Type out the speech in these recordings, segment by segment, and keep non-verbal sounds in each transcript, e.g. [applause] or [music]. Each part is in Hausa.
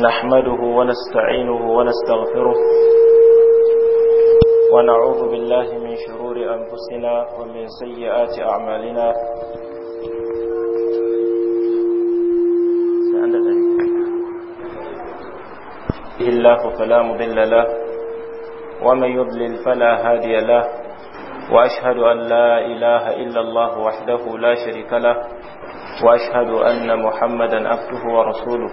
نحمده ونستعينه ونستغفره ونعوذ بالله من شرور أنفسنا ومن سيئات أعمالنا الله فلا مضل له ومن يضلل فلا هادي له وأشهد أن لا إله إلا الله وحده لا شريك له وأشهد أن محمدا عبده ورسوله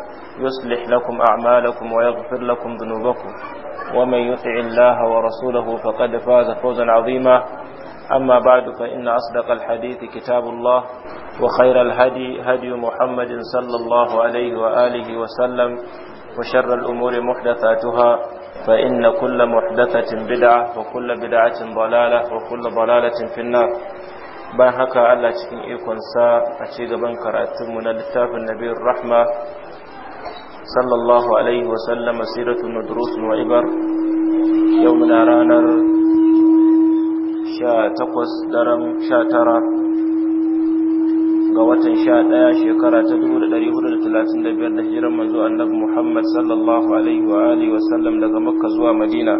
يصلح لكم أعمالكم ويغفر لكم ذنوبكم ومن يطع الله ورسوله فقد فاز فوزا عظيما أما بعد فإن أصدق الحديث كتاب الله وخير الهدي هدي محمد صلى الله عليه وآله وسلم وشر الأمور محدثاتها فإن كل محدثة بدعة وكل بدعة ضلالة وكل ضلالة في النار بان هكا الله cikin ikonsa a ci gaban karatunmu na littafin nabiyar rahma Sallallahu alaihi عليه وسلم سيرة ودروس وعبر يومنا رانر ranar تقوس درم شا ga watan sha ɗaya shekara ta dubu da ɗari da talatin da biyar hijiran manzo annabi Muhammad sallallahu alaihi wa alihi sallam daga Makka zuwa Madina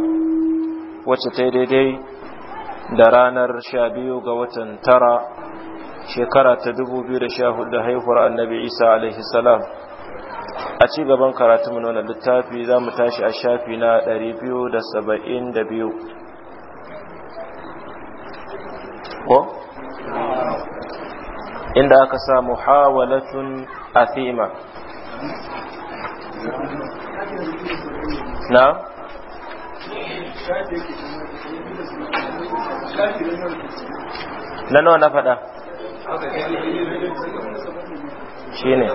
wacce ta daidai da ranar sha biyu ga watan tara shekara ta dubu biyu da sha da haihuwar annabi Isa alaihi salam a ci gaban karatunmu na wannan littafi za mu tashi a shafi na 272 ko inda aka sa muhawalatun athima na na nawa na faɗa shi ne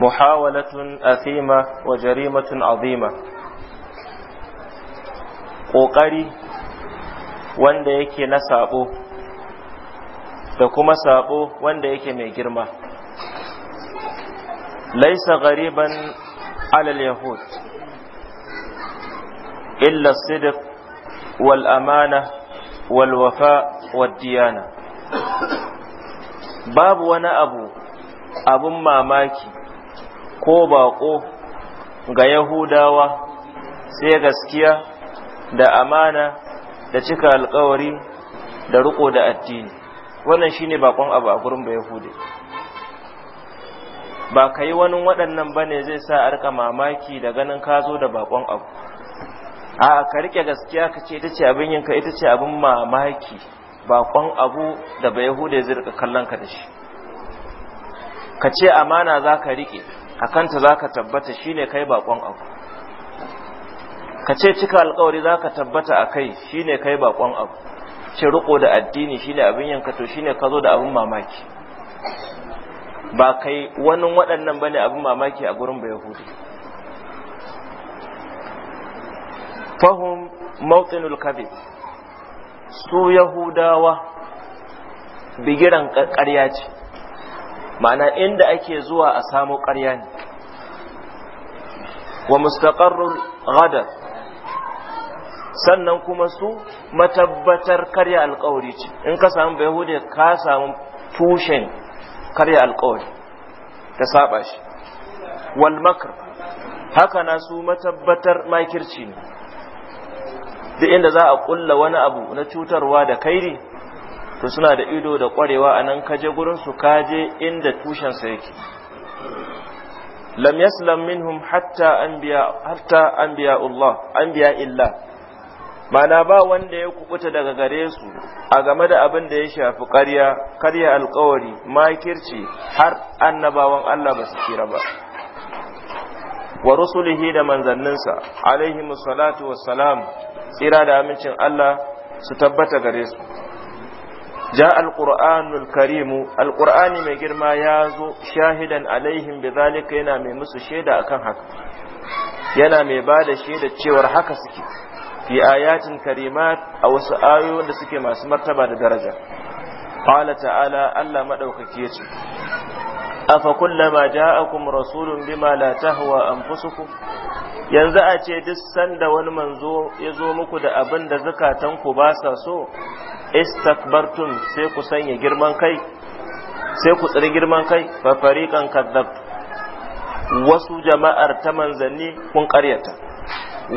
محاولة أثيمة وجريمة عظيمة ƙoƙari wanda yake na saɓo da kuma saɓo wanda yake mai girma laisa gariban alal yahud illa sidq wal amana wal wafa wal diyana babu wani abu abun mamaki ko baƙo ga yahudawa sai gaskiya da amana da cika alkawari da riko da addini wannan shine bakon abu a gurin yahude ba ka yi wani waɗannan ba ne zai sa a rika mamaki da ganin ka zo da bakon abu a ka rike gaskiya ka ce ita ce abin yinka ita ce abin mamaki bakon abu da bayahude zai rika kallon ka da shi ka ce amana za ka rike Akanta kanta za ka tabbata shine kai bakon abu ka ce cika alkawari za ka tabbata a kai shine kai bakon abu ce riko da addini shine abin yanka to shine ka zo da abin mamaki ba kai wani waɗannan bane abin mamaki a gurin ba yahudi fahim mawtsinul kadhib su yahudawa bigiran ƙarya ce ma'ana inda ake zuwa a samu ƙarya ne wa mustaqarrun ghadar sannan kuma su matabbatar karya alƙawari ce in ka samu bayahude ka samu tushen karya alƙawari ta saba shi wal makr haka na su matabbatar makirci ne duk inda za a kulla wani abu na cutarwa da kairi to suna da ido da kwarewa a nan kaje gurin su kaje inda tushensa yake lam yaslam minhum hatta anbiya hatta anbiya Allah anbiya illa mana ba wanda ya kubuta daga gare su a game da abin da ya shafi ƙarya ƙarya alƙawari makirci har annabawan Allah ba su kira ba wa rusulihi da manzanninsa alaihi salatu wassalam tsira da amincin Allah su tabbata gare su ja alqur'anul karim mai girma ya zo shahidan alaihin bidhalika yana mai musu shaida akan haka yana mai ba da shaida cewar haka suke fi ayatin karimat a wasu ayoyin da suke masu martaba da daraja qala ta'ala Allah madaukaki yace afa kullama ja'akum rasulun bima la tahwa anfusukum yanzu a ce duk sanda wani manzo ya zo muku da abinda da ku ba sa so istakbartum sai ku sanya girman kai sai ku tsiri girman kai fa fariqan kadzabtu wasu jama'ar ta manzanni kun karyata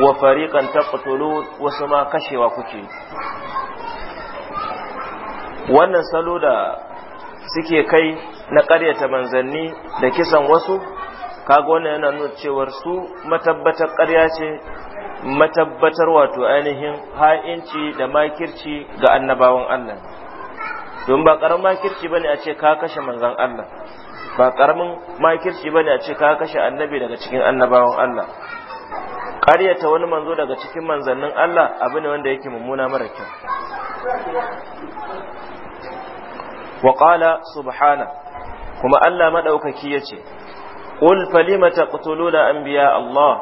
wa fariqan taqtulu wasu ma kashewa kuke wannan salo da suke kai na karyata manzanni da kisan wasu kaga wannan yana nuna cewar su matabbatar ƙarya ce matabbatar wato ainihin ha'inci da makirci ga annabawan Allah don ba ƙaramin makirci bane a ce ka kashe manzon Allah ba ƙaramin makirci bane a ce ka kashe annabi daga cikin annabawan Allah ƙaryata wani manzo daga cikin manzannin Allah abu ne wanda yake mummuna mara kyau wa qala subhana kuma Allah madaukaki yace qul falima an biya Allah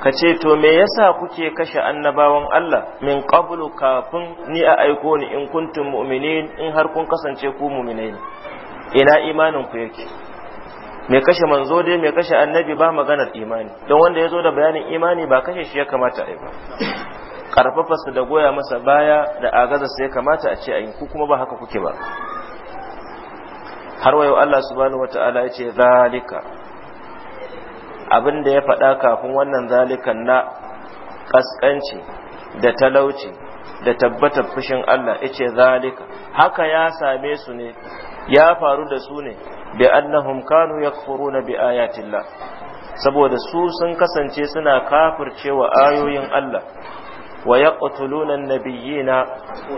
ka ce to me yasa kuke kashe annabawan Allah min qablu kafin ni a aiko ni in kuntum mu'minin in har kun kasance ku mu'minai ina imanin ku yake me kashe manzo dai me kashe annabi ba maganar imani don wanda ya zo da bayanin imani ba kashe shi ya kamata a yi ba karfafa da goya masa baya da agaza su ya kamata a ce a yi ku kuma ba haka kuke ba har wayo Allah subhanahu wataala ya ce zalika abin da ya faɗa kafin wannan zalikan na ƙasƙanci da talauci da tabbatar fushin Allah ice zalika haka ya same su ne ya faru da su ne bi annahum kanu yakfuruna bi ayatillah saboda su sun kasance suna kafircewa ayoyin Allah wa yaqtuluna nabiyina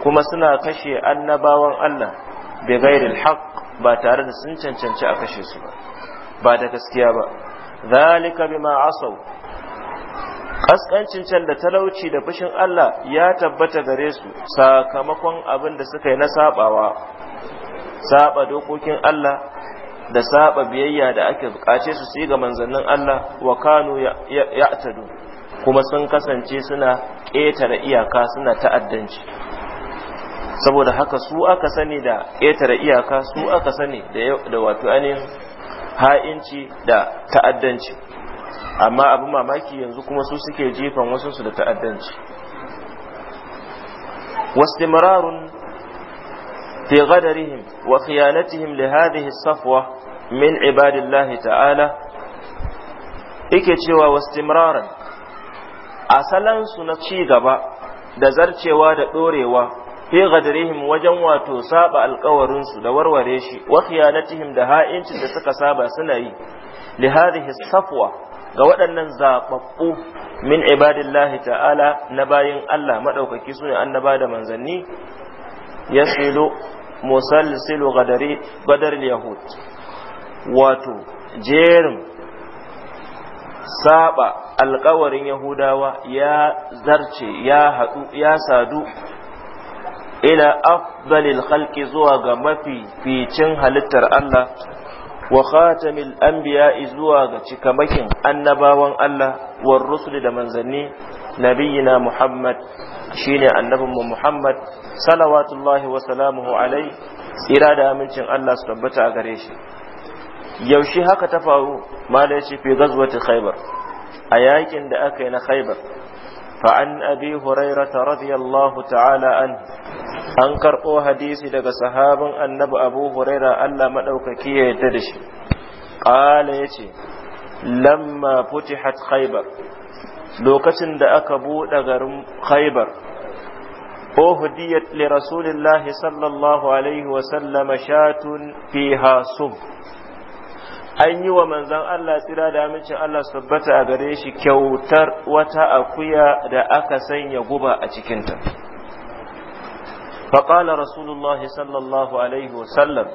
kuma suna kashe annabawan Allah bi ghairil haqq ba tare da sun cancanci a kashe su ba ba da gaskiya ba zalika bima asaw kaskancin can da talauci da fushin Allah ya tabbata gare su sakamakon abin da suka yi na sabawa saba dokokin Allah da saba biyayya da ake bukace su ga manzannin Allah wa kanu ya'tadu kuma sun kasance suna ƙetare iyaka suna ta'addanci saboda haka su aka sani da ƙetare iyaka su aka sani da wato ainihin ha'inci da ta'addanci amma abu mamaki yanzu kuma su suke wasu su da ta'addanci wasdimararun fi gadarihim wa khiyanatihim li hadhihi safwa min ibadillahi ta'ala yake cewa wasdimararun asalansu na ci gaba da zarcewa da ɗorewa fi gadarihim wajen wato saba alkawarinsu da warware shi wa khiyanatihim da ha'incin da suka saba suna yi li hadhihi safwa ga waɗannan zababbu min ibadillahi ta'ala na bayin Allah madaukaki sune annaba da manzanni yasilu musalsilu gadari gadar yahud wato jerin saba alkawarin yahudawa ya zarce ya haɗu ya sadu ila afdalil khalqi zuwa ga mafi ficin halittar Allah wa khatamil anbiya zuwa ga cikamakin annabawan Allah wa rusuli da manzanni nabiyina Muhammad shine annabinmu Muhammad salawatullahi wa salamuhu alai tsira da amincin Allah su tabbata a gare shi yaushe haka ta faru mala yace fi ghazwati khaybar a yakin da aka yi na khaybar فعن أبي هريرة رضي الله تعالى عنه أنكر أو حديثي دقى صحابا النبي أبو هريرة ألا مدوككي يددش قال يتي لما فتحت خيبر لوكتن دأك بود غرم خيبر أهديت لرسول الله صلى الله عليه وسلم شاة فيها سم an yi wa manzan Allah tsira da amincin Allah su tabbata a gare shi kyautar wata akuya da aka sanya guba a cikinta. faƙala rasulullahi sallallahu alaihi wasallam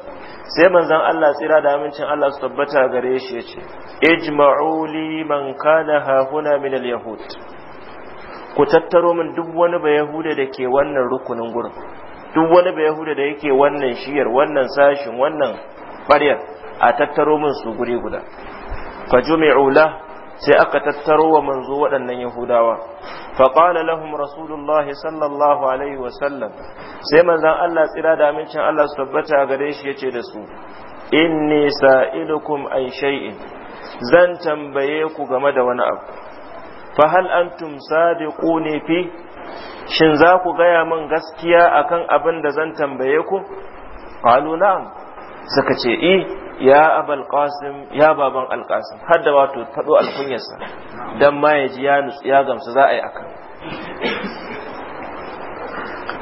sai manzan Allah tsira da amincin Allah su tabbata a gare shi ya ce ijma'uli man kana hahuna min al-yahud ku tattaro min duk wani ba yahuda da ke wannan rukunin gurin duk wani ba yahuda da yake wannan shiyar wannan sashin wannan ɓaryar a tattaro min su guri guda fa jumi'u sai aka tattaro wa manzo waɗannan yahudawa fa qala lahum rasulullahi sallallahu alaihi wa sallam sai manzon Allah tsira da amincin Allah su tabbata a gare shi yace da su inni sa'ilukum ay shay'in zan tambaye ku game da wani abu fa hal antum sadiquni fi shin za ku gaya min gaskiya akan abin da zan tambaye ku qalu na'am suka ce eh ya abal qasim ya baban al qasim har da wato tado al kunyarsa dan ma ya ji ya nutsu ya gamsu za a yi akan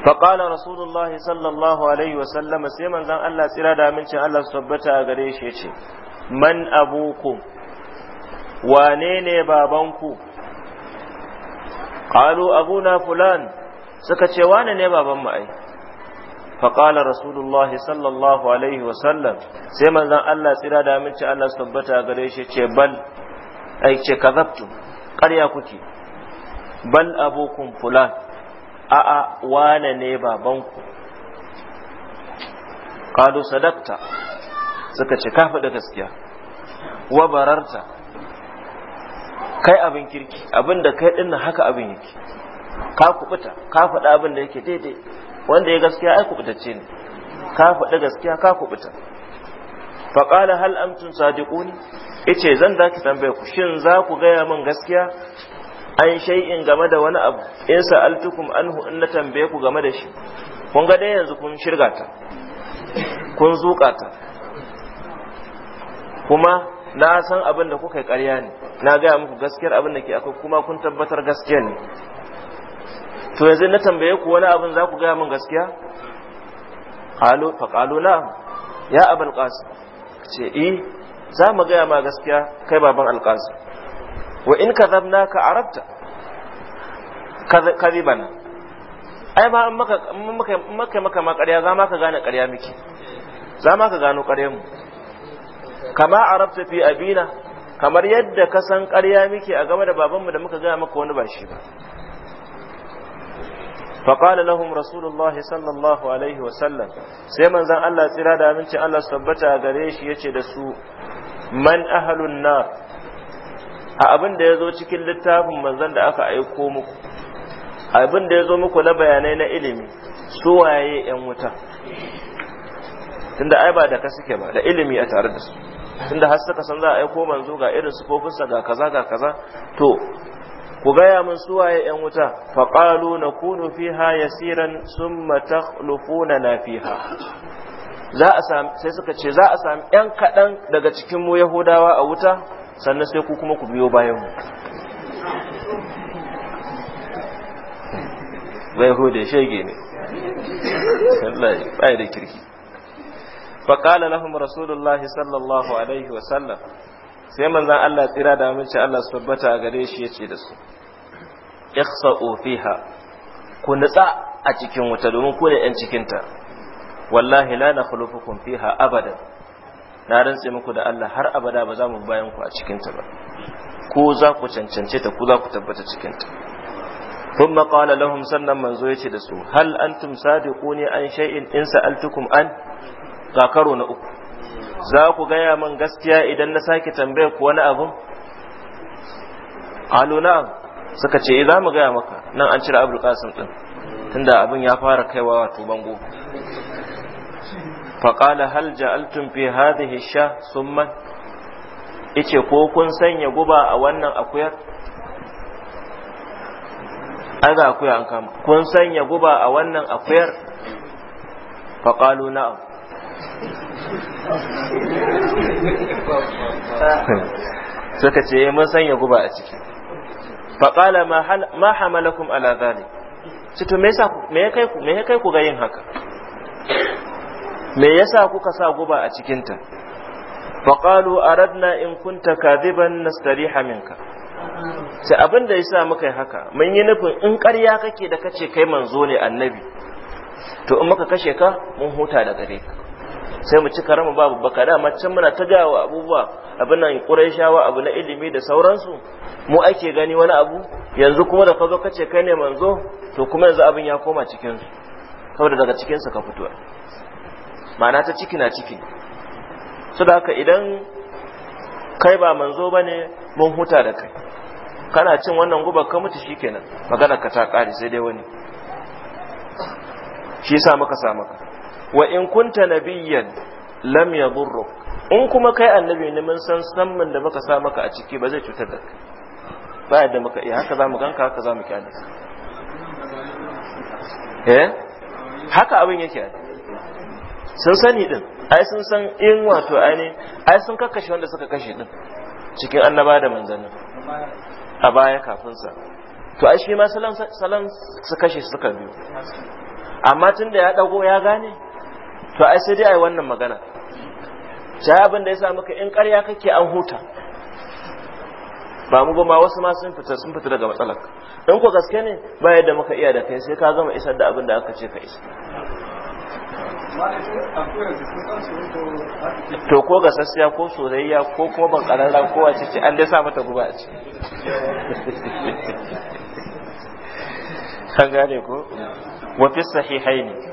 fa qala sallallahu alaihi wa sallam sai manzan Allah tsira da amincin Allah su a gare shi yace man abukum wane ne babanku qalu abuna fulan suka ce wane ne babanmu ai فقال رسول الله صلى الله عليه وسلم sai manzon Allah tsira da aminci Allah su tabbata gare shi ce bal ai ce kazabtum karya kuke bal abukum fulan a wane ne babanku qalu sadaqta suka ce ka faɗi gaskiya kai abin kirki abin da kai haka abin yake ka kubuta ka faɗa abin da yake daidai wanda ya gaskiya ai kubutacce ne ka faɗi gaskiya ka kubuta fa qala hal amtun sadiquni yace zan da ki tambaye ku shin za ku gaya min gaskiya an shay'in game da wani abu in sa'altukum anhu in na tambaye ku game da shi kun ga dai yanzu kun shirga ta kun zuƙa ta kuma na san abin da kuka yi ƙarya ne na gaya muku gaskiyar abin da ke akwai kuma kun tabbatar gaskiya ne to yanzu na tambaye ku wani abin za ku gaya min gaskiya qalu fa qalu na'am ya abul qasim ce eh za mu gaya ma gaskiya kai baban alqasim wa in ka arabta kadhibana ai ba maka maka maka ma ƙarya za ma ka gane ƙarya miki za ma ka gano ƙarya mu kama arabta fi abina kamar yadda ka san ƙarya miki a game da babanmu da muka gaya maka wani ba shi ba فقال لهم رسول الله صلى الله عليه وسلم سيما زن الله سيرا دا منشي الله سبتا غريش يشي دسو من أهل النار abin da ya zo cikin littafin manzon da aka aiko muku abin da ya zo muku na bayanai na ilimi su waye yan wuta tunda ai ba da ka suke ba da ilimi a tare da su tunda har suka san za a aiko manzo ga irin su sa ga kaza ga kaza to ku gaya min suwaye ‘yan wuta, faƙalu na kunu fiha yasiran sun matakhlufuna na fiha. Sai suka ce, za a sami ‘yan kaɗan daga cikin mu Yahudawa a wuta, sannan sai ku kuma ku biyo bayan mu. Bai hude shege ne, bai da kirki. Faƙala lahum Rasulullahi sallallahu Alaihi wasallam, sai manzan Allah tsira da amince Allah su tabbata a gare shi ya ce da su. ikhsa'u fiha ku nutsa a cikin wuta domin ku da yan cikin ta wallahi la nakhlufukum fiha abadan na rantse muku da Allah har abada ba za mu bayan ku a cikin ta ba ko za ku cancance ta ku za ku tabbata cikin ta ثم قال lahum sannan manzo yace da su hal antum sadiquni an shay'in in sa'altukum an ga karo na uku za ku gaya man gaskiya idan na sake tambayar ku wani abu? qalu suka ce eh, za mu gaya maka nan an cire abul qasim din tunda abin ya fara kaiwa wato bango faƙala hal ja'altum fi hadhihi sha summan ice ko kun sanya guba a wannan akuyar aga akuya an kama kun sanya guba a wannan akuyar faƙalu na'am [laughs] suka ce eh, mun sanya guba a ciki faƙala ma hamalakum ala zalik ce to me ya kai ku me ya kai ku ga yin haka me yasa kuka sa guba a cikinta faƙalu aradna in kunta kadiban nastariha minka sai abin da yasa muka yi haka mun yi nufin in ƙarya kake da kace kai manzo ne annabi to in muka kashe ka mun huta da gare ka sai mu cika rama babu baka dama can muna ta gawa abubuwa abin nan ƙurayshawa abu na ilimi da sauransu mu ake gani wani abu yanzu kuma da kazo kace kai ne manzo to kuma yanzu abin ya koma cikin su saboda daga cikin su ka fito ma'ana ta ciki na ciki saboda haka idan kai ba manzo bane mun huta da kai kana cin wannan guba ka mutu shikenan magana ka ta kare sai dai wani shi yasa muka sa maka wa in kunta nabiyyan lam yadurruk in kuma kai annabi ne mun san samman da muka sa maka a ciki ba zai cutar da kai ba yadda muka yi haka zamu ganka haka zamu kyale eh haka abin yake sun sani din ai sun san in wato ai ai sun kakkashe wanda suka kashe din cikin annaba da manzannin a baya kafin sa to ai shi ma salan salan su kashe suka biyu amma tun da ya dago ya gane to ai sai dai ai wannan magana sai abin da yasa maka in ƙarya kake an huta ba mu ba wasu ma sun fita sun fita daga matsalar in ko gaske ne ba yadda muka iya da kai sai ka gama isar da abin da aka ce ka isa to ko ga sassiya ko soyayya ko kuma ban kararra ko wace ce an dai sa mata guba a ce kan [laughs] gane ko wa fi sahihaini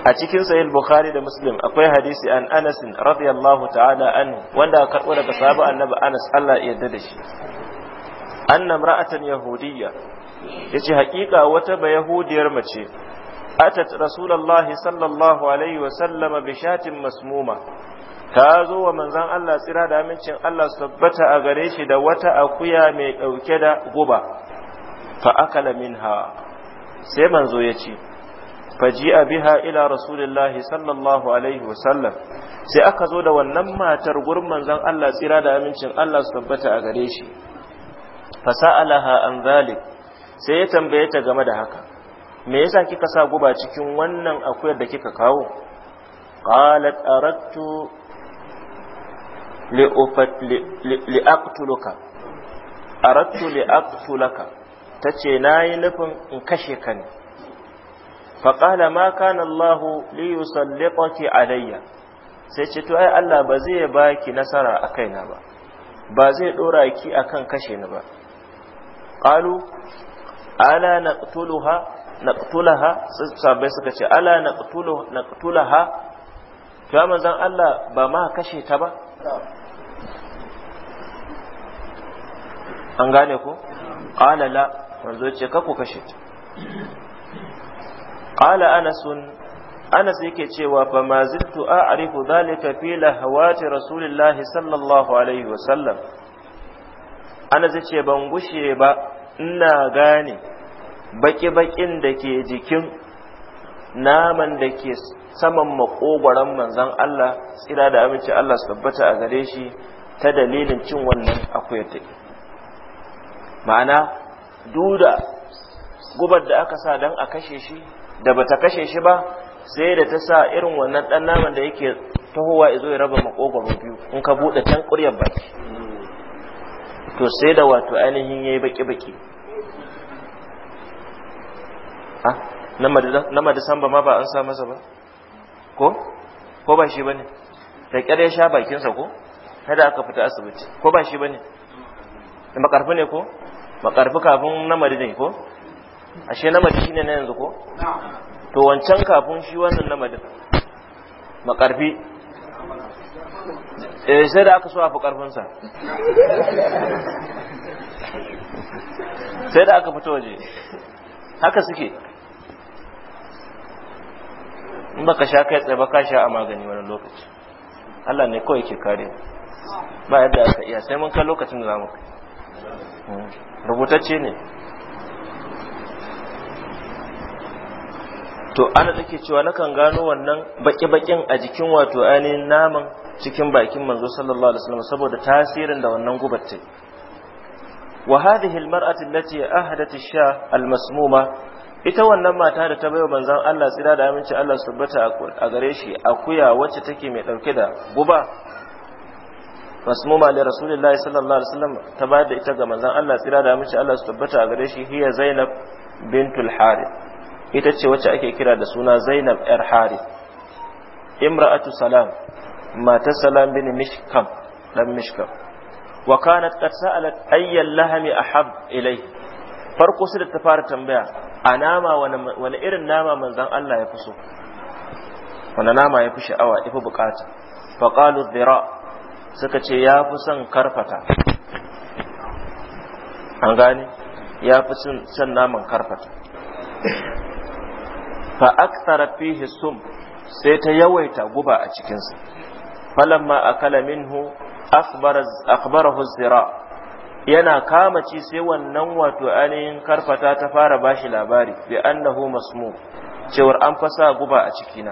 a cikin sahih bukhari da muslim akwai hadisi an anas radiyallahu ta'ala anhu wanda aka karbo daga sahaba annabi anas Allah ya yarda da shi anna ra'atan yahudiyya yace haƙiƙa wata ba yahudiyar mace atat rasulullahi sallallahu alaihi wa sallama bi shatin masmuma ta zo wa manzon Allah tsira da amincin Allah tabbata a gare shi da wata akuya mai dauke da guba fa akala minha sai manzo ya ce faji biha ila rasulillahi sallallahu alaihi wasallam sai aka zo da wannan matar gurman manzon Allah tsira da amincin Allah su tabbata a gare shi fasa'alaha an zalik sai ya tambaye ta game da haka me yasa kika sa guba cikin wannan akuyar da kika kawo qalat aradtu aqtuluka aradtu li'aqtulaka tace nayi nufin in kashe ka ne فقال ما كان الله ليسلطك yusallitaki sai ce to ai Allah ba zai baki nasara a kaina ba ba zai dora ki akan kashe ni ba qalu ala naqtuluha naqtulaha sabai suka ce ala naqtulu naqtulaha to manzon Allah ba ma kashe ta ba an gane ko qala la manzo ce ka ku kashe ta qala anas anas yake cewa fa ma zittu a'rifu dhalika fi lahwati rasulillah sallallahu alaihi wa sallam anas yace ban gushe ba ina gane baki-bakin da ke jikin naman da ke saman makogwaron manzon Allah tsira da aminci Allah su tabbata a gare shi ta dalilin cin wannan akwai ta ma'ana duda gubar da aka sa don a kashe shi da bata kashe shi ba sai da ta sa irin wannan dan naman da yake tahowa izo ya raba makogoro biyu in ka bude can ƙuryar baki to sai da wato ainihin yayi baki baki ha na ba ma ba an sa masa ba ko ko ba shi bane da ƙyar ya sha bakinsa ko kada aka fita asibiti ko ba shi bane makarfi ne ko makarfi kafin na ne ko ashe namadi shine na yanzu ko to wancan kafin shi wannan namadin makarfi eh sai da aka so afa karfin karfinsa sai da aka fito waje haka suke in baka sha kai tsaye baka sha a magani wani lokaci Allah ne kawai ke kare ba yadda aka iya sai mun kai lokacin da za mu kai hmm. rubutacce ne to ana take cewa nakan gano wannan baki-bakin a jikin wato ainihin naman cikin bakin manzo sallallahu alaihi wasallam saboda tasirin da wannan gubar ta wa hadhihi almar'atu allati ahadat ash-sha almasmuma ita wannan mata da ta bayo manzon Allah tsira da aminci Allah subhata a gare shi akuya wacce take mai dauke da guba masmuma li rasulillahi sallallahu alaihi wasallam ta bayar da ita ga manzon Allah tsira da aminci Allah subhata a gare shi hiya zainab bintul harith ita ce wacce ake kira da suna zainab yar hari imra'atu salam matar salam bin mishkam dan mishkam wa kanat qad sa'alat ayyal lahami ahab ilayhi farko sai ta fara tambaya a nama wani irin nama manzon Allah ya fi so wani nama ya fi sha'awa ya fi bukata faƙalu zira suka ce ya fi son karfata an gane ya fi son naman karfata fa aktsara fihi sum sai ta yawaita guba a cikinsa falamma akala minhu akhbarahu zira yana kama ci sai wannan wato ainihin karfata ta fara bashi labari bi annahu masmu cewar an fasa guba a cikina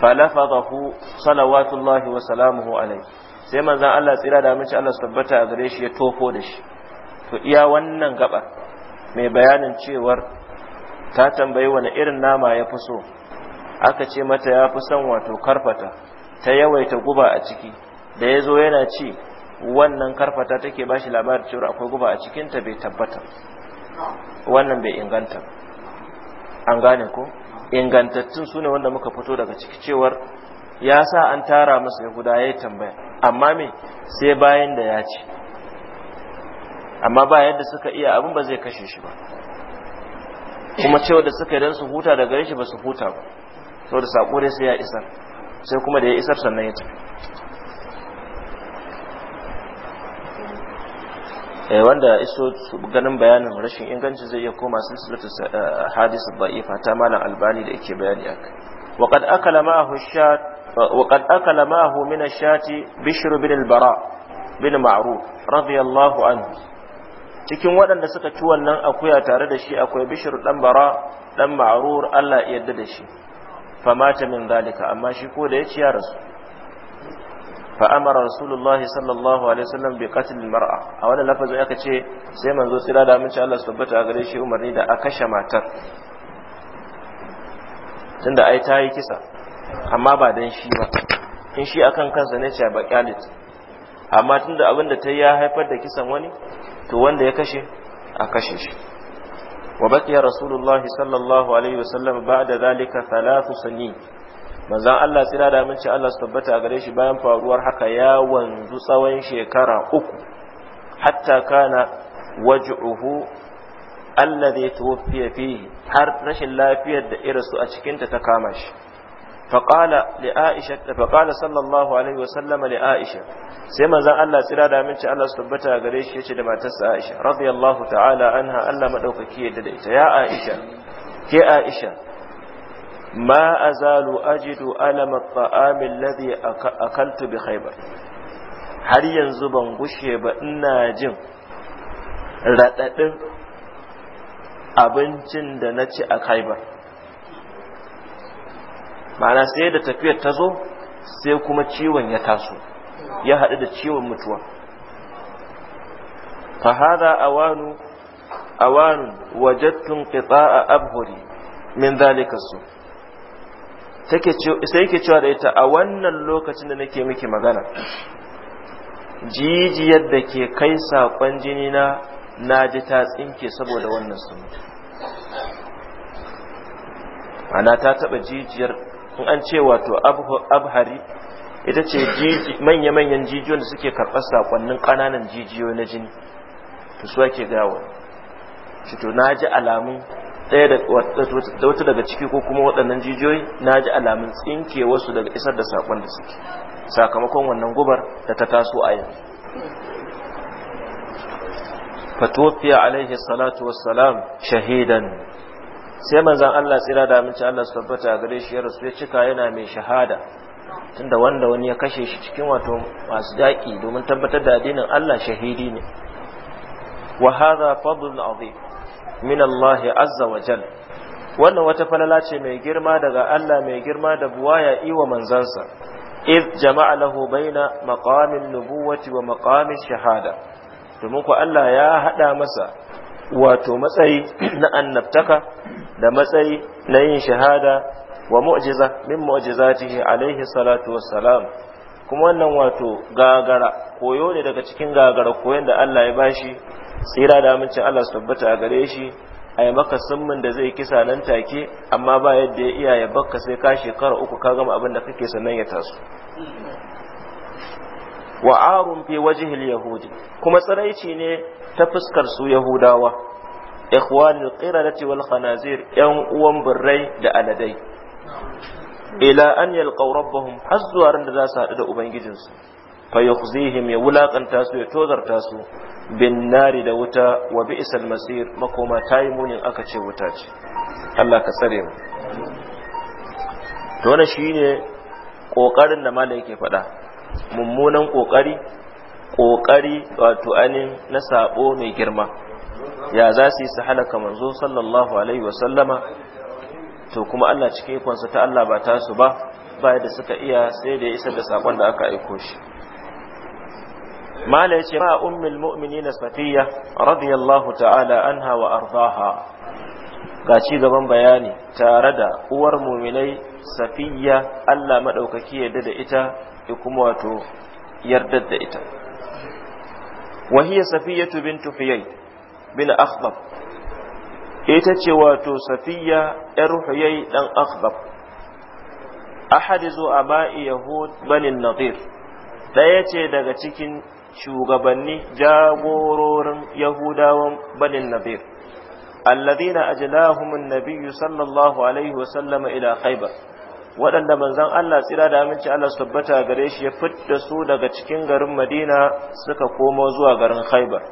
falafadahu salawatullahi wa salamuhu alai sai manzon Allah tsira da mace Allah tabbata a gare shi ya tofo da shi to iya wannan gaba mai bayanin cewar ta tambayi wani irin nama ya fi so aka ce mata ya fi son wato karfata ta yawaita guba a ciki da ya zo yana ci wannan karfata take ba shi labarin cewa akwai guba a cikinta bai tabbata wannan bai inganta an gane ko ingantattun su ne wanda muka fito daga ciki cewar ya sa an tara masa ya guda ya tambaya amma me sai bayan da ya ci amma ba yadda suka iya abin ba zai kashe shi ba kuma cewa da suka yi don su huta daga gare ba su huta ba saboda saƙo dai sai ya isar sai kuma da ya isar sannan ya tafi eh, wanda iso ganin bayanin rashin inganci zai iya koma silsilatu eh, hadis da'ifa ta malam albani da yake bayani akai وقد أكل معه الشات وقد أكل معه من الشات بشر بن البراء بن معروف رضي الله عنه cikin waɗanda suka ci wannan akuya tare da shi akwai bishir ɗan bara ɗan ma'arur Allah yadda da shi famata min zalika amma shi ko da ya ci ya rasu fa amara rasulullahi sallallahu alaihi wasallam bi qatl mar'a a wannan lafazi aka ce sai manzo tsira da mun ci Allah tabbata a gare shi umarni da aka kashe matar tunda ai ta yi kisa amma ba dan shi ba in shi akan kansa ne ce ba kyalit amma tunda abin da ta yi ya haifar da kisan wani to wanda ya kashe a kashe shi wa baqiya rasulullah sallallahu alaihi wasallam ba'da zalika thalathu sanin manzon Allah tsira da aminci Allah su tabbata a gare shi bayan faruwar haka ya wanzu tsawon shekara uku hatta kana waj'uhu alladhi tuwfiya fihi har rashin lafiyar da irasu a cikinta ta kama shi فقال لعائشة فقال صلى الله عليه وسلم لعائشة سيما زان الله سيرا دا منشي الله سبتا غريش يشي لما تس عائشة رضي الله تعالى عنها ألا مدوككي يدلئت يا عائشة كي عائشة ما أزال أجد ألم الطعام الذي أكلت بخيبر har yanzu ban gushe ba ina jin raɗaɗin abincin da na ci a khaibar ma'ana sai da tafiyar ta zo sai kuma ciwon ya taso ya haɗu da ciwon mutuwa fa hada awanu awanun wajadtum qita'a abhuri min dhalika su sai yake cewa da ita a wannan lokacin da nake miki magana jijiyar da ke kai saƙon jini na na ji ta tsinke saboda wannan sun ana ta taɓa jijiyar in an ce wato abhari ita ce manya-manyan jijiyoyin da suke karɓar sakonnin ƙananan jijiyoyi na jini to su ake gawa shi to na ji alamun ɗaya da wata daga ciki ko kuma waɗannan jijiyoyi na ji alamun tsinke wasu daga isar da sakon da suke sakamakon wannan gubar da ta taso a yanzu fatofiya alaihi salatu wassalam shahidan sai manzan Allah tsira da aminci Allah su tabbata gare shi ya rasu ya cika yana mai shahada tunda wanda wani ya kashe shi cikin wato masu daƙi domin tabbatar da addinin Allah shahidi ne wa hadha fadlun azim min Allah azza wa jal wannan wata falala ce mai girma daga Allah mai girma da buwaya iwa manzansa iz jama'a lahu baina maqamin nubuwati wa maqamin shahada domin ku Allah ya hada masa wato matsayi na annabtaka da matsayi na yin shahada wa mu'jiza min mu'jizatihi alaihi salatu wassalam kuma wannan wato gagara koyo ne daga cikin gagara koyon da Allah ya bashi tsira da amincin Allah su tabbata a gare shi a yi maka summin da zai kisa nan take amma ba yadda ya iya ya bakka sai ka shekara uku ka gama abin da kake sannan ya taso wa arun fi wajhil yahudi kuma tsaraici ne ta fuskar su yahudawa ikhwanul qiradati wal khanazir yan uwan birrai da aladai ila an yalqaw rabbahum har zuwa da za su haɗu da ubangijinsu fa yukhzihim ya wulakanta su ya tozarta su Binnari da wuta wa bi'sal masir makoma tayi munin aka ce wuta ce Allah ka tsare mu to wannan shine ƙoƙarin da malai yake faɗa mummunan ƙoƙari. Ƙoƙari wato anin na saɓo mai girma ya za su yi su halaka manzo sallallahu alaihi wasallama to kuma Allah cike ikonsa ta Allah ba ta su ba ba da suka iya sai da ya isar da sakon da aka aiko shi mala yace ma ummul mu'minin safiya radiyallahu ta'ala anha wa ardaha ga ci gaban bayani tare da uwar mu'minai Safiyya Allah madaukaki ya da ita ya kuma wato yarda da ita وهي صفية بنت حيي bin akhbab. ita ce wato safiya yar huyai dan akhbab ahadizu aba'i yahud banin nadir ɗaya ce daga cikin shugabanni jagororin yahudawan banin nadir alladhina ajlahum an-nabiy sallallahu alaihi wa ila khaybar waɗanda manzon Allah tsira da aminci Allah su tabbata gare shi ya fitta su daga cikin garin Madina suka komo zuwa garin Khaibar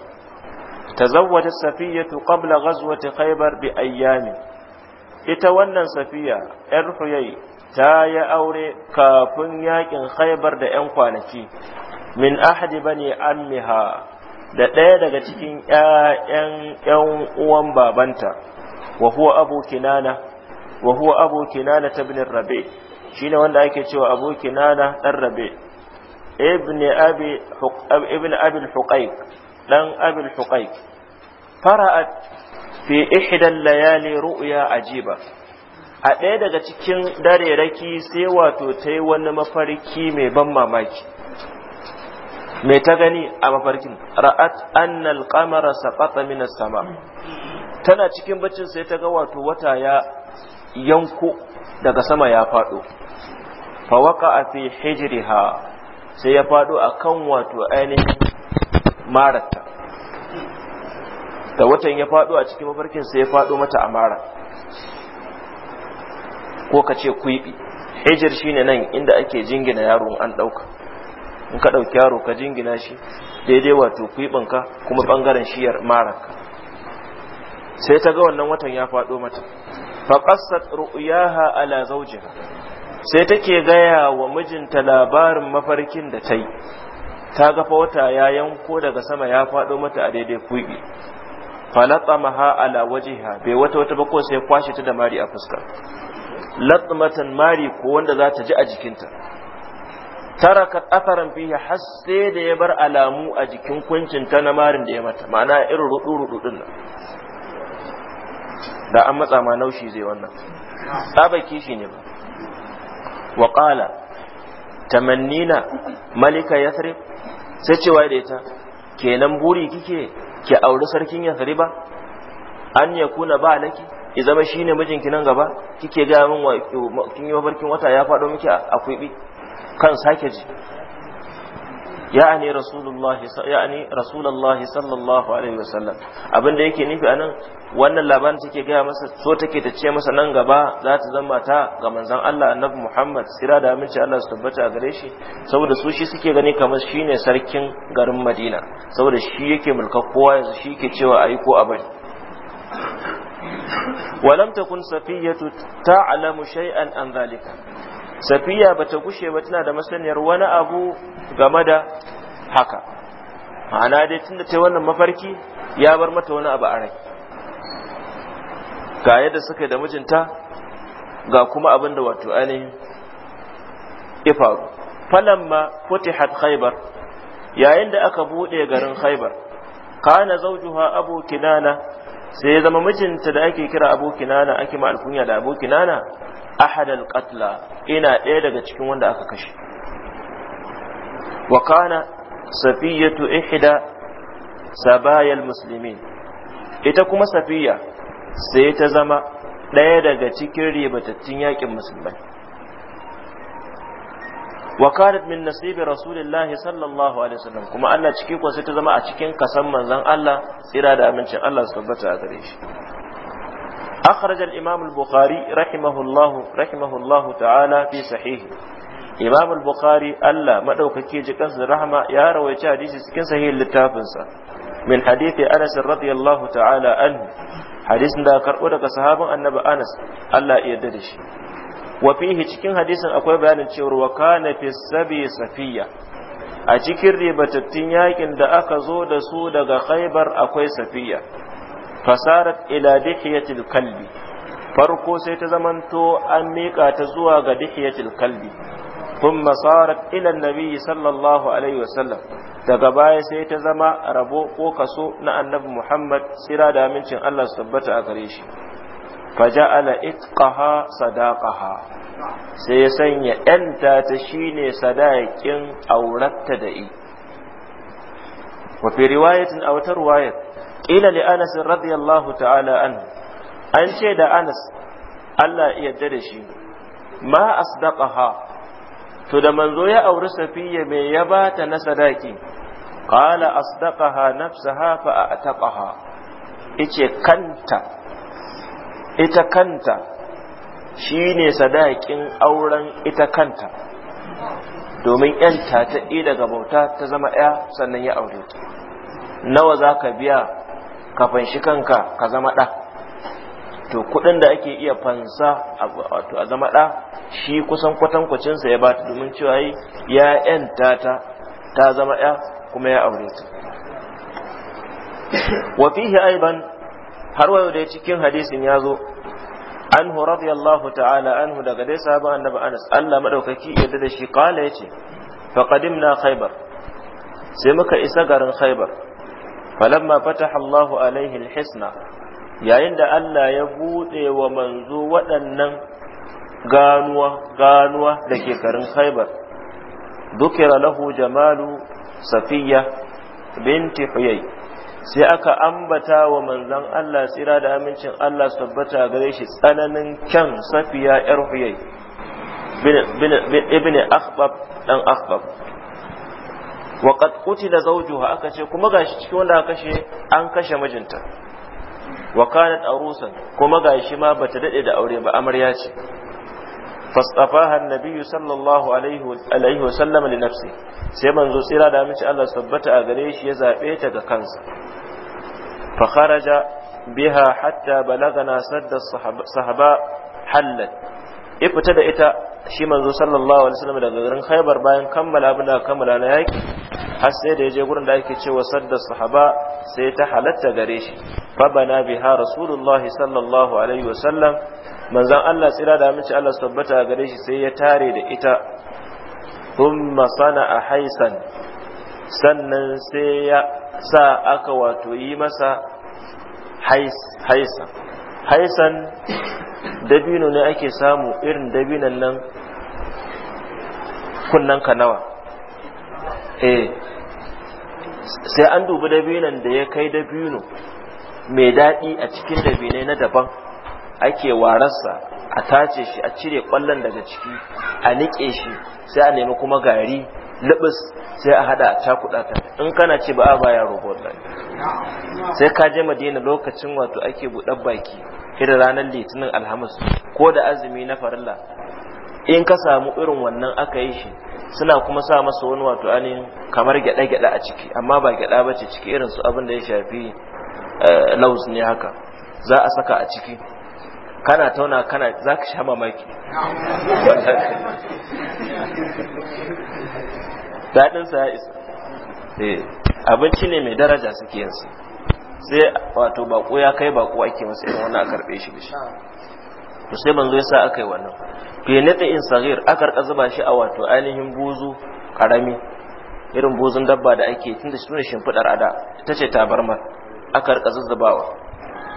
Ta tazawwada safiyatu qabla gazwata khaybar bi ayyami ita wannan safiya yar huyai ta ya aure kafin yakin khaibar da yan kwanaki min ahadi bani ammiha da ɗaya daga cikin ƴaƴan uwan babanta wa huwa abu kinana wa huwa abu kinana wanda ake cewa abu kinana dan rabi ibn abi ibn dan abil huqayq fara'at fi ihda layali ru'ya ajiba a ɗaya daga cikin dare raki sai wato ta yi wani mafarki mai ban mamaki mai ta gani a mafarkin ra'at annal qamara saqata minas sama tana cikin baccin sai ta ga wato wata ya yanko daga sama ya faɗo fa a fi hijriha sai ya faɗo akan wato ainihin mararta da watan ya faɗo a cikin mafarkinsa ya faɗo mata a mara ko ka ce kuiɓi hijir shine nan inda ake jingina yaro an ɗauka in ka ɗauki yaro ka jingina shi daidai wato kuiɓinka kuma ɓangaren shiyar mararka sai ta ga wannan watan ya faɗo mata faƙasat ru'uyaha ala zawjiha sai take gaya wa mijinta labarin mafarkin da ta yi ta ga fa wata ya yanko daga sama ya faɗo mata a daidai kugi. falatamaha ala wajiha bai wata wata bako sai kwashe ta da mari a fuska latmatan mari ko wanda za ta ji a jikinta tarakat atharan fihi har sai da ya bar alamu a jikin kuncin ta na marin da ya mata ma'ana irin rudu rudu din nan da an matsa ma naushi zai wannan tsabaki shi ne ba wa qala tamannina malika yathrib sai cewa da ita kenan buri kike ki auri sarkin yathriba an ya kuna ba laki ya zama shine mijinki nan gaba kike ga min kin yi mafarkin wata ya faɗo miki a bi kan sake ji ya'ani rasulullah ya'ani rasulullah sallallahu alaihi wasallam abin da yake nufi anan wannan labarin take gaya masa so take ta ce masa nan gaba za ta zama ta ga manzon Allah annabi Muhammad sira da aminci Allah su tabbata a gare shi saboda su shi suke gani kamar shine sarkin garin Madina saboda shi yake mulka kowa yanzu shi yake cewa ayi ko a bari ولم تكن صفية تعلم شيئا عن ذلك safiya bata gushe ba tana da masaniyar wani abu game da haka ma'ana dai tunda ta wannan mafarki ya bar mata wani abu a rai ga yadda suka da mijinta ga kuma abin da wato ainihin ifaru falamma yayin da aka bude garin Khaibar, kana zawjuha abu kinana sai ya zama mijinta da ake kira abu kinana ake ma alfunya da abu kinana ahadal qatla ina ɗaya daga cikin wanda aka kashe wa kana safiyatu ihda sabayal muslimin ita kuma Safiyya sai ta zama ɗaya daga cikin ribatattun yakin musulmai wa kanat min nasibi rasulillahi sallallahu alaihi wasallam kuma Allah ciki sai ta zama a cikin kasan manzon Allah tsira da amincin Allah su tabbata a gare shi أخرج الإمام البخاري رحمه الله رحمه الله تعالى في صحيحه إمام البخاري ألا مدوك كيجي كنس رحمة يا روي حديث سكن صحيح للتابنسا من حديث أنس رضي الله تعالى عنه حديث دا كربو صحابة النبي أنس ألا يدرش وفيه cikin hadisin akwai bayanin cewar wa kana fi sabi safiya a cikin ribatattun yakin da aka zo da su daga khaybar akwai safiya fasarat ila dihiyatil kalbi farko sai ta zamanto an miƙa ta zuwa ga dihiyatil kalbi kuma sarat ila annabi sallallahu alaihi wasallam daga baya sai ta zama rabo ko kaso na annabi Muhammad sira da amincin Allah su tabbata a gare shi faja'ala itqaha sadaqaha sai ya sanya yanta ta shine sadakin auratta da i wa fi riwayatin awtar riwayat qila li anas radiyallahu ta'ala anhu an ce da anas Allah ya yarda da shi ma asdaqaha to da manzo ya auri safiya mai ya bata na sadaki qala asdaqaha nafsaha fa ataqaha ice kanta ita kanta shine sadakin auren ita kanta domin yanta ta ɗi daga bauta ta zama ya sannan ya aure ta nawa za ka biya ka fanshi kanka ka zama ɗa to kuɗin da ake iya fansa a zama ɗa shi kusan kwatankwacinsa ya bata domin cewa yi ya ‘yanta ta ta zama ‘ya kuma ya aure ta [coughs] wafihi aiban har wayo da cikin hadisin ya zo anhu radiyallahu ta'ala anhu daga dai sabon annabi anas allah maɗaukaki yadda da shi kala ya ce na khaibar sai muka isa garin khaibar falamma fataha Allahu alaihi alhisna yayin da Allah ya bude wa manzo waɗannan ganuwa ganuwa da ke garin Khaibar dukira lahu jamalu safiya binti huyay sai aka ambata wa manzon Allah tsira da amincin Allah su tabbata gare shi tsananin kyan safiya yar huyay bin ibn akhbab dan akhbab wa qad qutila zawjuha aka ce kuma gashi cikin wanda aka kashe an kashe mijinta wa arusan kuma gashi ma bata daɗe da aure ba amarya ce fastafaha annabiyyu sallallahu alaihi wa sallam li sai manzo tsira da mace Allah sabbata a gare shi ya zaɓe ta ga kansa fa kharaja biha hatta balagana sadda sahaba hallat ifta da ita shi manzo sallallahu alaihi wasallam daga garin Khaibar bayan kammala abin da kammala na yaki har sai da je gurin da ake cewa sadda sahaba sai ta halatta gare shi rabana biha rasulullah sallallahu alaihi wasallam manzon Allah tsira da mace Allah tabbata gare shi sai ya tare da ita thumma sana'a haisan sannan sai ya sa aka wato yi masa haisa haisan dabino ne ake samu irin dabinan nan kunnan kanawa eh sai an dubi dabinan da ya kai dabino mai daɗi a cikin dabinai na daban ake wararsa a tace shi a cire ƙwallon daga ciki a niƙe shi sai a nemi kuma gari lubus sai a hada a cakuɗa ta in kana ce ba a ba yaro ba sai ka je madina lokacin wato ake buɗar baki irin ranar litinin alhamis ko da azumi na farilla in ka samu irin wannan aka yi shi suna kuma sa masa wani wato anin kamar gyaɗa-gyaɗa a ciki amma ba gyaɗa ba ce ciki irin su abin da ya shafi eh, laus ne haka za a saka a ciki kana tauna kana za ka sha mamaki sa ya isa eh, abinci ne mai daraja suke su sai wato bako ya kai bako ake masa irin wannan a karbe shi shi to sai banzo yasa aka yi wannan to ya nata in sagir aka rika zuba shi a wato ainihin buzu karami irin buzun dabba da ake tunda shi ne shimfidar ada ita ce tabarmar aka rika zuzzubawa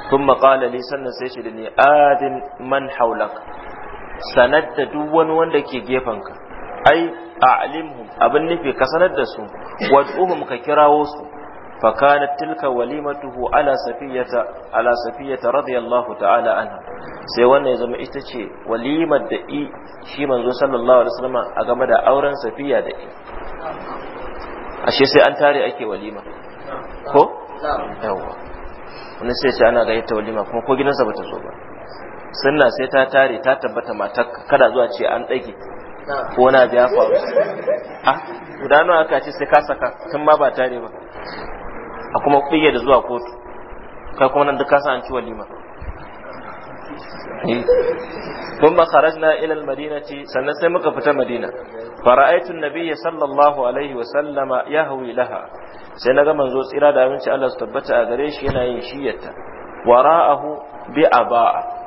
tun maƙala li sannan sai shi da ni adin man haulak sanar da duk wani wanda ke gefen ka. ai a'limhum abin nufi ka sanar da su wad'uhum ka kirawo su fa kanat tilka walimatuhu ala safiyata ala safiyata radiyallahu ta'ala anha sai wannan ya zama ita ce walimar da i shi manzo sallallahu alaihi wasallam a game da auren safiya da i ashe sai an tare ake walima ko yawa wani sai sai ana gayyata walima kuma ko gidansa bata zo ba sunna sai ta tare ta tabbata matar kada zuwa ce an dage ko wani abu ya faru a ah, gudanar aka ce sai ka saka tun ma ba tare ba a kuma kuyya da zuwa kotu kai kuma nan duk kasa an ci walima. kun eh. ba kharaj na ilal madina ce sannan sai muka fita madina fara aitun nabi ya sallallahu alaihi wa sallama ya hawi laha sai na gama zo tsira da abinci allah su tabbata a gare shi yana yin shiyarta wara'ahu bi aba'a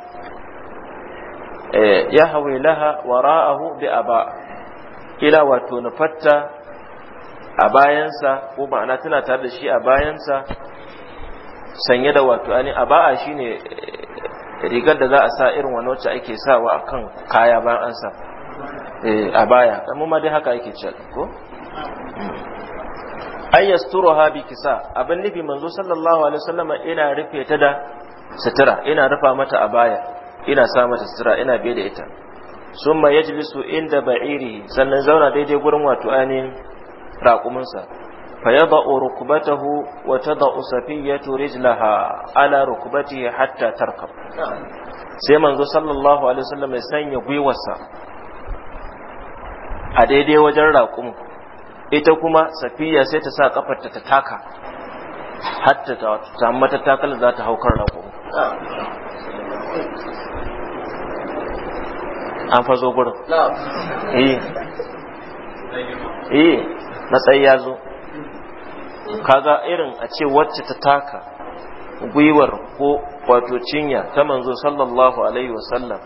Eh, ya hawi laha wara'ahu bi aba kila wato nufatta a bayansa ko ma'ana tana tare da shi a bayansa sanye da wato ani a ba'a shine eh, rigar da za a sa irin wani wacce ake sawa akan kaya bayan an sa eh, a baya mu ma dai haka ake ce ko hmm. ay yasturuha bi kisa abin nufi manzo sallallahu alaihi wasallama ina rufe ta da sutura ina rufa mata a baya ina sa mata sutura ina bai da ita summa yajlisu inda ba'iri sannan zauna daidai gurin wato ainihin raƙuminsa fa yada'u rukbatahu wa tada'u safiyatu rijlaha ala rukbatihi hatta tarkab sai manzo sallallahu alaihi wasallam ya sanya gwiwarsa a daidai wajen raƙum ita kuma safiya sai ta sa kafarta ta taka hatta ta samu takal za ta haukar raƙum an fa zo gurin eh eh matsayi ya zo kaga irin a ce wacce ta taka gwiwar ko wato cinya ta manzo sallallahu alaihi wasallam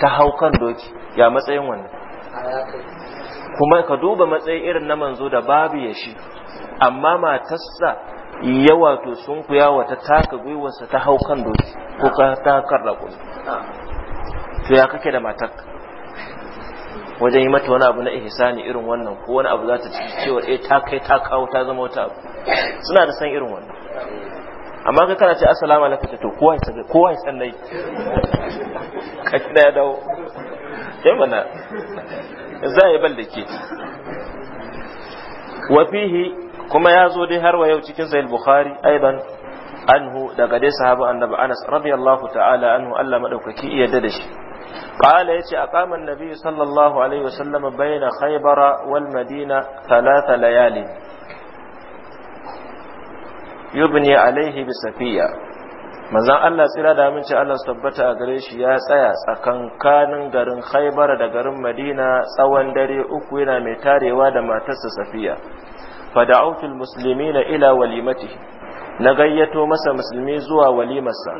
ta haukan doki ya matsayin wannan kuma ka duba matsayi irin na manzo da babu ya shi amma matarsa ya wato sun kuya wata taka gwiwarsa ta haukan doki ko ka ta kan rakumi to ya kake da matar wajen yi mata wani abu na ihsani irin wannan ko wani abu za ta ci cewa eh ta kai ta kawo ta zama wata abu suna da san irin wannan amma ka kana ce assalamu alaikum to kowa ya sabai kowa ya sannai [laughs] ka ya dawo sai mana za ya bal da ke wa fihi kuma ya zo dai har wa yau cikin sahih bukhari aidan anhu daga dai sahabu annabi anas radiyallahu ta'ala anhu Allah madaukaki iya da shi قال يتي أقام النبي صلى الله عليه وسلم بين خيبر والمدينة ثلاث ليالي يبني عليه بسفية manzon Allah tsira da aminci Allah su tabbata a gare shi ya tsaya tsakankanin garin Khaibar da garin Madina tsawon dare uku yana mai tarewa da matarsa Safiya fa da'awtul muslimina ila walimati. na gayyato masa musulmi zuwa walimarsa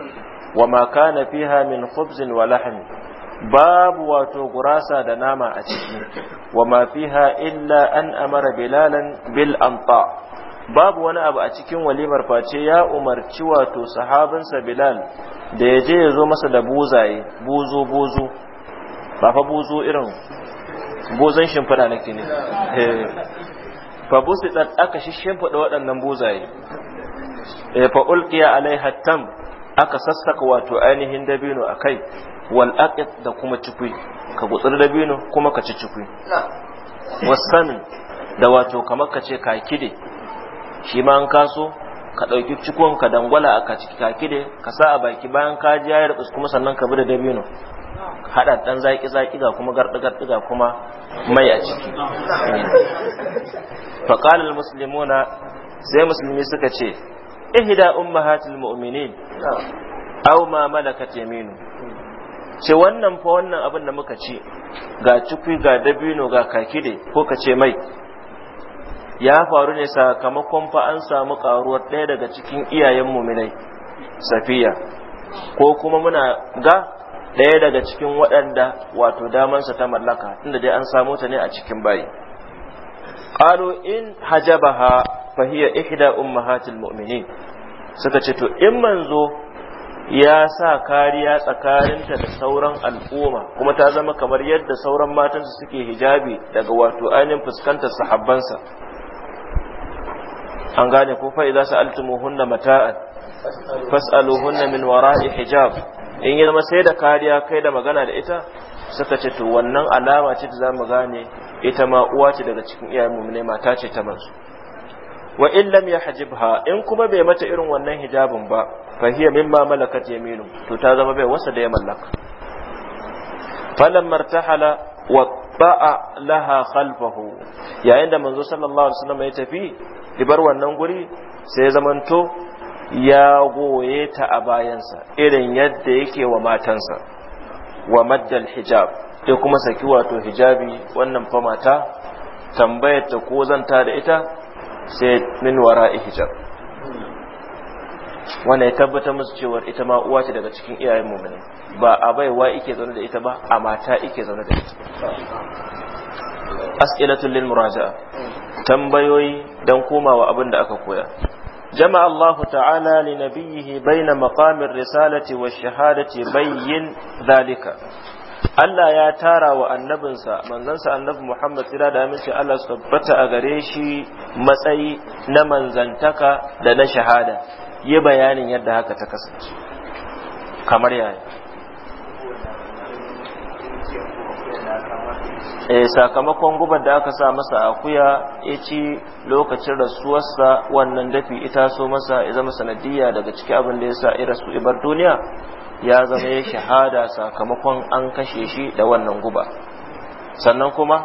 wa ma kana fiha min khubzin wa lahmi babu wato gurasa da nama a ciki wa ma fiha illa an amara bilalan bil anta babu wani abu a cikin walimar face ya umarci wato sahabinsa bilal da ya je ya zo masa da buzaye buzo buzo ba fa buzo irin buzon shimfiɗa nake ne eh. fa busi aka shimfiɗa waɗannan buzaye eh, fa ulqiya alaiha tam aka sassaka wato ainihin dabino a kai wal aqid da kuma cikui ka gutsur dabino kuma ka ci cikui wasan da wato kamar ka ce ka kide shi ma an kaso ka ɗauki cikon ka dangwala a ciki ka kide ka sa a baki bayan ka ji ya rubus kuma sannan ka bi da dabino haɗa dan zaƙi zaƙi ga kuma garɗi garɗi ga kuma mai a ciki al musulmuna sai musulmi suka ce ihda ummahatil mu'minin aw ma malakat yaminu ce wannan fa wannan abin da muka ci ga cikwi ga dabino ga kakide ko ka ce mai ya faru ne sakamakon fa an samu karuwar ɗaya daga cikin iyayen muminai safiya ko kuma muna ga ɗaya daga cikin waɗanda wato damansa ta mallaka inda dai an samu ta ne a cikin bayi ƙalo in hajabaha fahiyar ihda ummahatil mu'minin suka ce to in manzo ya sa kariya tsakaninta da sauran al'umma kuma ta zama kamar yadda sauran matansa suke hijabi daga wato ainihin fuskantar sahabbansa an gane ko fa idza hunna mata'an fas'aluhunna min wara'i hijab in yi zama sai da kariya kai da magana da ita suka ce to wannan alama ce da zamu gane ita ma uwa ce daga cikin iyayen mu ne mata ce ta mansu wa in lam yahjibha in kuma bai mata irin wannan hijabin ba fa hiya mimma malakat yaminu to ta zama bai wasa da ya mallaka falam martahala wa ba'a laha khalfahu yayin da manzo sallallahu alaihi wasallam ya tafi dibar wannan guri sai ya zamanto ya goye ta a bayansa irin yadda yake wa matansa wa maddal hijab ya kuma saki wato hijabi wannan fa mata tambayar ta ko zanta da ita sai min wara'i hijab wannan ya tabbatar musu cewar ita ma uwa ce daga cikin iyayen mu'mini ba a baiwa yake zaune da ita ba a mata yake zaune da ita as'ilatul lil muraja'a tambayoyi dan komawa abin da aka koya ta'ala li nabiyhi bayna maqamir risalati wash shahadati bayyin zalika. Allah ya tara wa annabinsa manzansa annabi Muhammad sira da aminci Allah su tabbata a gare shi matsayi na manzantaka da na shahada yi bayanin yadda haka ta kasance kamar yaya e sakamakon gubar da aka sa masa akuya ya ci lokacin rasuwarsa wannan dafi ita so masa ya zama sanadiyya daga ciki abin da ya sa irasu ibar duniya ya zama ya shahada sakamakon an kashe shi da wannan guba sannan kuma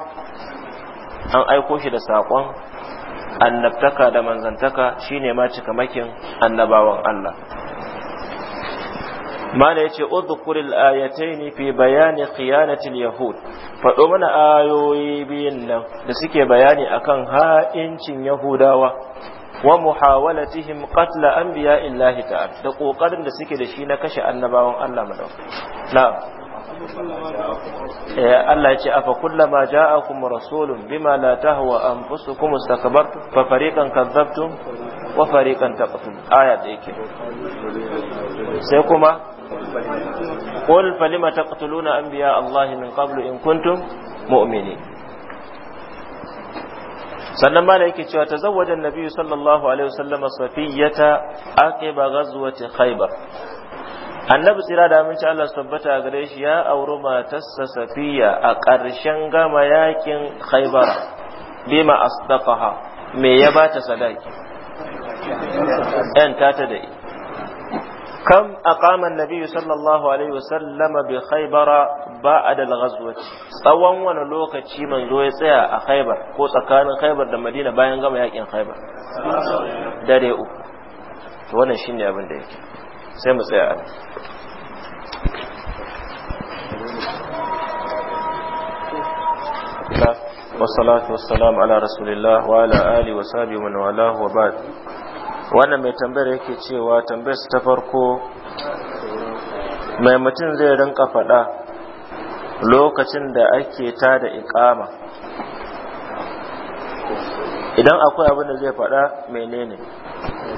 an aiko shi da sakon annabtaka da manzantaka shine ma cikamakin annabawan Allah mana yace udhkuril ayataini fi bayani khiyanatil yahud faɗo mana ayoyi biyun nan da suke bayani akan ha'incin yahudawa wa muhawalatihin qatla anbiya illahi ta'ala da kokarin da suke da shi na kashe annabawan Allah madaukakin na'am eh, Allah ya ce afa kullama ja'akum rasulun bima la tahwa anfusukum istakbartum fa fariqan kadzabtum wa fariqan taqtum aya da yake sai kuma qul falima taqtuluna anbiya Allah min qablu in kuntum mu'minin sannan ma yake cewa ta zawajen nabi sallallahu alaihi wasallam safiyata aqiba ghazwati khaybar annabi tsira da aminci Allah su tabbata gare shi ya auri matarsa safiya a ƙarshen gama yakin khaybar bima asdaqaha me ya bata sadaki yan tata da كم أقام النبي صلى الله عليه وسلم بخيبر بعد الغزوة tsawon wani lokaci manzo ya tsaya a khaibar ko tsakanin khaibar da madina bayan gama yakin khaibar dare uku to wannan shine abin da yake sai mu tsaya a wasalatu wassalamu ala rasulillah wa ala wa wa wannan mai tambayar yake cewa tambayar ta farko mai mutum zai rinka faɗa lokacin da ake ta da ikama idan akwai abin da zai faɗa menene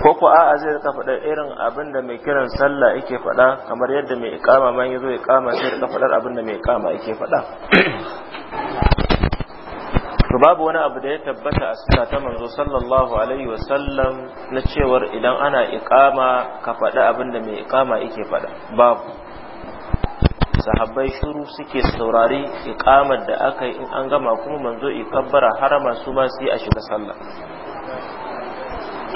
ko a'a zai rika faɗa irin abin da mai kiran sallah yake faɗa kamar yadda mai ikama man yazo ikama sai rika faɗar abin da mai ikama yake faɗa to babu wani abu da ya tabbata a suna ta manzo sallallahu alaihi wasallam na cewar idan ana ikama ka faɗi abin da mai ikama yake faɗa babu sahabbai shuru suke saurari ikamar da aka yi in an gama kuma manzo ikabbara harama su ma su yi a shiga sallah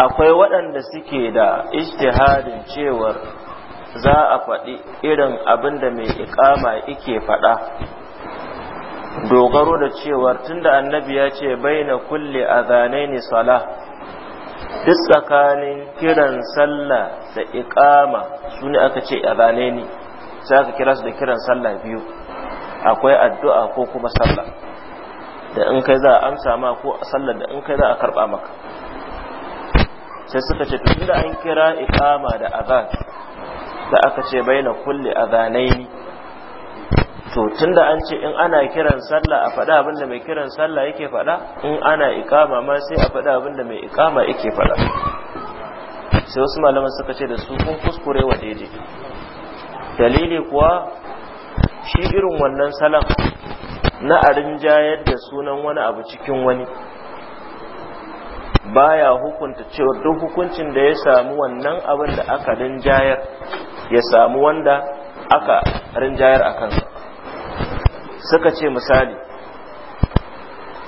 akwai waɗanda suke da ijtihadin cewar za a faɗi irin abin da mai ikama yake faɗa dogaro da cewar tunda annabi ya ce baina kulli ne salah duk tsakanin kiran sallah da iqama su ne aka ce ne, sai aka kira su da kiran sallah biyu akwai addu'a ko kuma sallah da in kai za a amsa ma ko Sallah da in kai za a karba maka sai suka ce tunda an kira iqama da azan da aka ce baina kulli adhanaini to tunda an ce in ana kiran sallah a faɗa abinda mai kiran sallah yake faɗa in ana ikama ma sai a faɗa abinda mai ikama yake faɗa sai wasu malaman suka ce da su kun kuskure wa daidai dalili kuwa shi irin wannan salam na a rinjayar da sunan wani abu cikin wani baya hukunta cewa duk hukuncin da ya samu wannan abin da aka rinjayar ya samu wanda aka rinjayar a kansa suka ce misali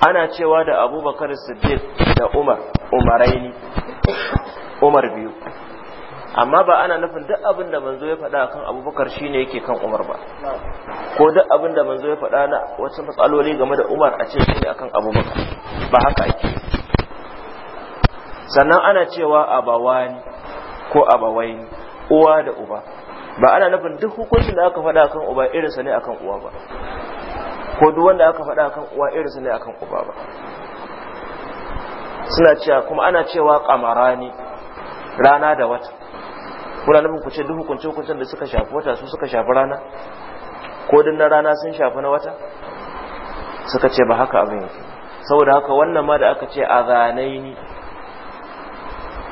ana cewa da abubakar siddiq da umar umaraini umar biyu amma ba ana nufin duk abin da manzo ya faɗa kan abubakar shine yake kan umar ba ko duk abin da manzo ya faɗa na wasu matsaloli game da umar a ce shine akan abubakar ba haka ake sannan ana cewa abawani ko abawaini uwa da uba ba ana nufin duk hukuncin da aka faɗa kan uba irinsa ne akan uwa ba ko duk wanda aka faɗa akan uwa su ne akan uba ba suna cewa kuma ana cewa kamarani rana da wata kuna nufin ku ce duk hukunce hukuncen da suka shafi wata su suka shafi rana ko duk na rana sun shafi na wata suka ce ba haka abin yake saboda haka wannan ma da aka ce a ni,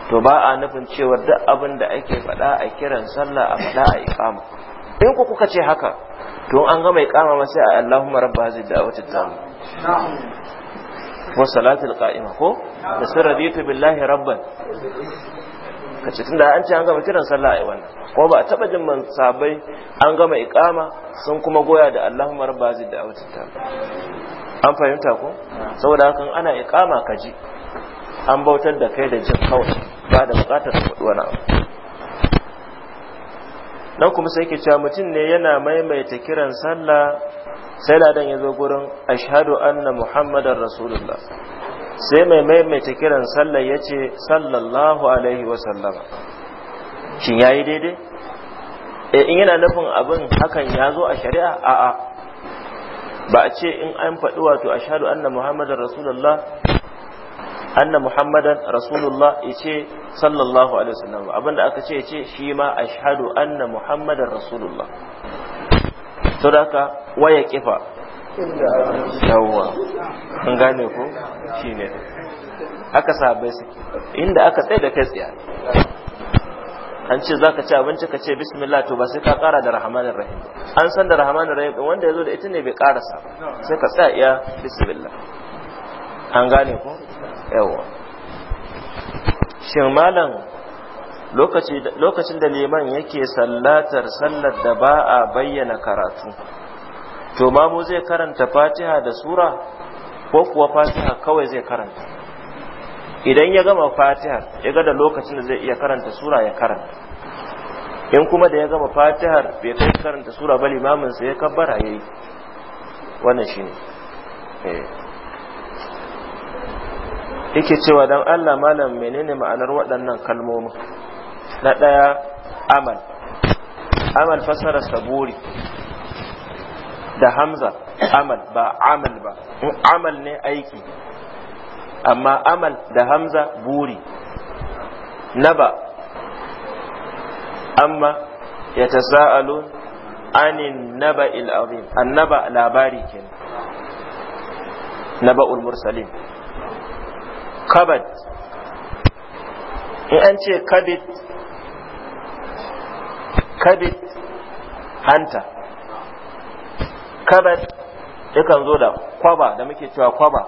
to ba a nufin cewa duk abin da ake faɗa a kiran sallah a faɗa a iqama in ku kuka ce haka to an ga mai kama sai a Allahumma rabba hadhihi da'wati tamma wa salatul qa'ima ko da sirraditu billahi rabban kace tunda an ce an gama kiran sallah ai wannan ko ba taba jin man sabai an gama iqama sun kuma goya da Allahumma rabba hadhihi da'wati tamma an fahimta ko saboda hakan ana iqama kaji an bautar da kai da jin kawai ba da bukatar wani abu nan kuma sai ke cewa mutum ne yana maimaita kiran sallah sai ladan ya zo gurin ashhadu anna muhammadar rasulullah sai mai maimaita kiran sallah ya ce sallallahu alaihi wasallama shin ya yi daidai e in yana nufin abin hakan ya zo a shari'a a'a ba a ce in an faɗi wato ashhadu anna muhammadar rasulullah anna muhammadan rasulullah yace sallallahu alaihi wasallam abinda aka ce yace shi ma ashhadu anna muhammadan rasulullah to haka waya kifa yawa an gane ko shine Aka sahabbai su inda aka tsaye da kai tsaya an ce zaka ci abinci ka ce bismillah to ba sai ka kara da rahmanir rahim an san da rahmanir rahim wanda yazo da ita ne bai karasa sai ka tsaya iya bismillah an gane ku yawa shin malam lokacin da liman yake sallatar sallar da ba a bayyana karatu to mamu zai karanta fatiha da sura ko kuwa fatiha kawai zai karanta idan ya gama fatihar ya ga da lokacin da zai iya karanta sura ya karanta in kuma da ya gama fatihar bai kai karanta sura ba limamin sai ya kabbara yayi wannan shine eh yake cewa dan Allah malam menene ma'anar waɗannan kalmomi. na ɗaya amal amal fasara saburi da hamza amal ba amal ba in amal ne aiki amma amal da hamza buri na amma ya tasa'alun anin naba il azim annaba labari kenan naba ul mursalin kabad in an ce kabit kabit hanta kabad yakan zo da kwaba da muke cewa kwaba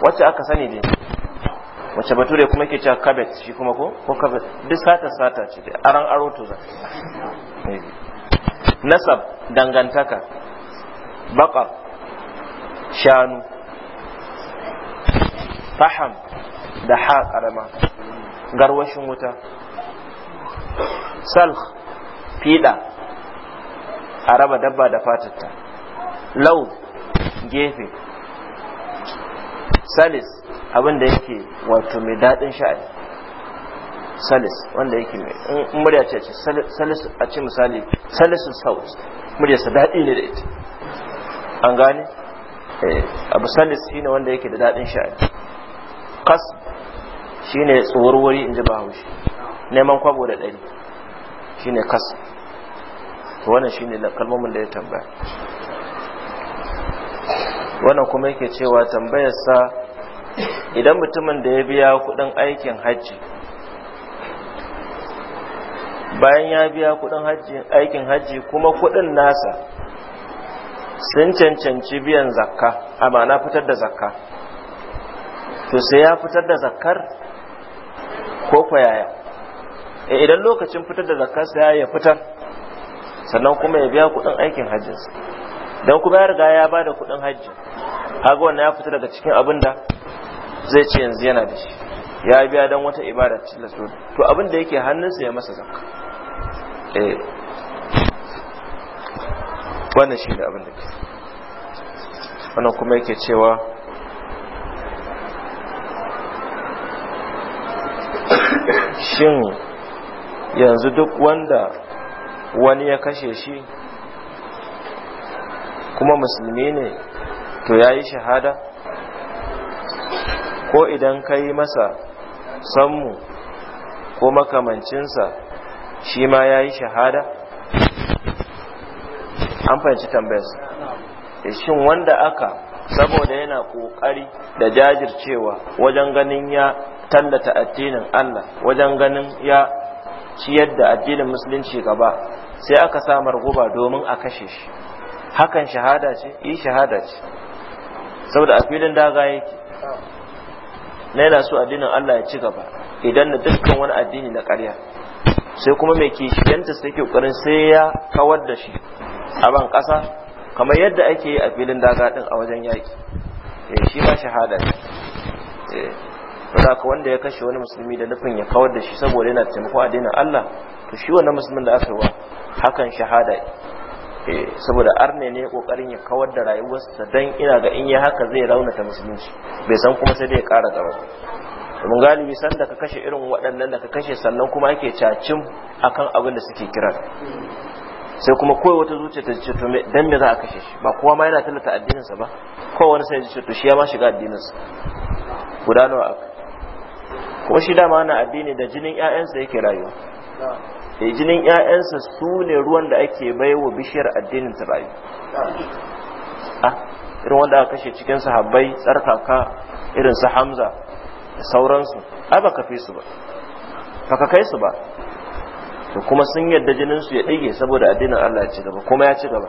wacce aka sani ne wacce bature kuma ke cewa kabet shi kuma ko ko kabet duk sata sata ce dai aran aro to zai nasab dangantaka baqar shanu faham da ha karama garwashin wuta salh fiɗa a raba dabba da fatatta lau gefe salis abin da yake wato mai daɗin sha'ani salis wanda yake mai in murya ce ce salis a ce misali salisun saus muryarsa daɗi ne da ita an gane eh, abu salis shine wanda yake da daɗin sha'ani kas shine tsuwarwari in ji bahaushe neman kwabo da ɗari shine kas to wannan shine kalmomin da ya tambaya wannan kuma yake cewa tambayarsa idan mutumin da ya biya kudin aikin hajji bayan ya biya kudin aikin hajji kuma kudin nasa sun cancanci biyan zakka na fitar da zakka to sai ya fitar da zakkar ko kwayaya eh, idan lokacin fitar da zakkar sai ya fitar sannan kuma ya biya kudin aikin hajjinsa don kuma ya riga ya ba da kudin hajji kaga wannan ya fita daga cikin abin da zai ce yanzu yana da shi ya biya don wata ibada tilas to abin da yake hannunsa ya masa zakka eh wannan shi da abin da ke wannan kuma yake cewa shin yanzu duk wanda wani ya kashe shi kuma musulmi ne to ya yi shahada ko idan ka yi masa sammu ko makamancinsa shi ma ya yi shahada an fahimci tambayarsa eh, shin wanda aka saboda yana kokari da jajircewa wajen ganin ya tallata addinin Allah wajen ganin ya ciyar da addinin musulunci gaba sai aka samar guba domin a kashe shi hakan shahada ce yi eh, shahada ce saboda a filin daga yake na yana so addinin Allah ya ci gaba idan da dukkan wani addini na karya. sai kuma mai kishiyanta sai ke ƙoƙarin sai ya kawar da shi a ban ƙasa kamar yadda ake yi a filin daga din a wajen yaki eh shi ba shahada ne eh, ka wanda ya kashe wani musulmi da nufin ya kawar da shi saboda yana taimako addinin Allah to shi wannan musulmin da aka hakan shahada eh saboda arne ne kokarin ya kawar da rayuwarsa dan ina ga in ya haka zai raunata musulunci bai san kuma sai dai ya kara gaba domin galibi san da ka kashe irin waɗannan da ka kashe sannan kuma ake cacin akan abin da suke kira sai kuma kowa wata zuciya ta ce to me dan me za a kashe shi ba kowa ma yana tallata addininsa ba kowa wani sai ya ce to shi ya ma shiga addininsa guda nawa aka kuma shi dama na addini da jinin ƴaƴansa yake rayuwa eh jinin ƴaƴansa su ne ruwan da ake baiwa bishiyar addinin ta rayu ah irin wanda aka kashe cikin sahabbai tsarkaka irin su Hamza da sauransu ai baka fi su ba ka kai su ba to kuma sun yadda jinin su ya ɗige saboda addinin Allah ya ci gaba kuma ya ci gaba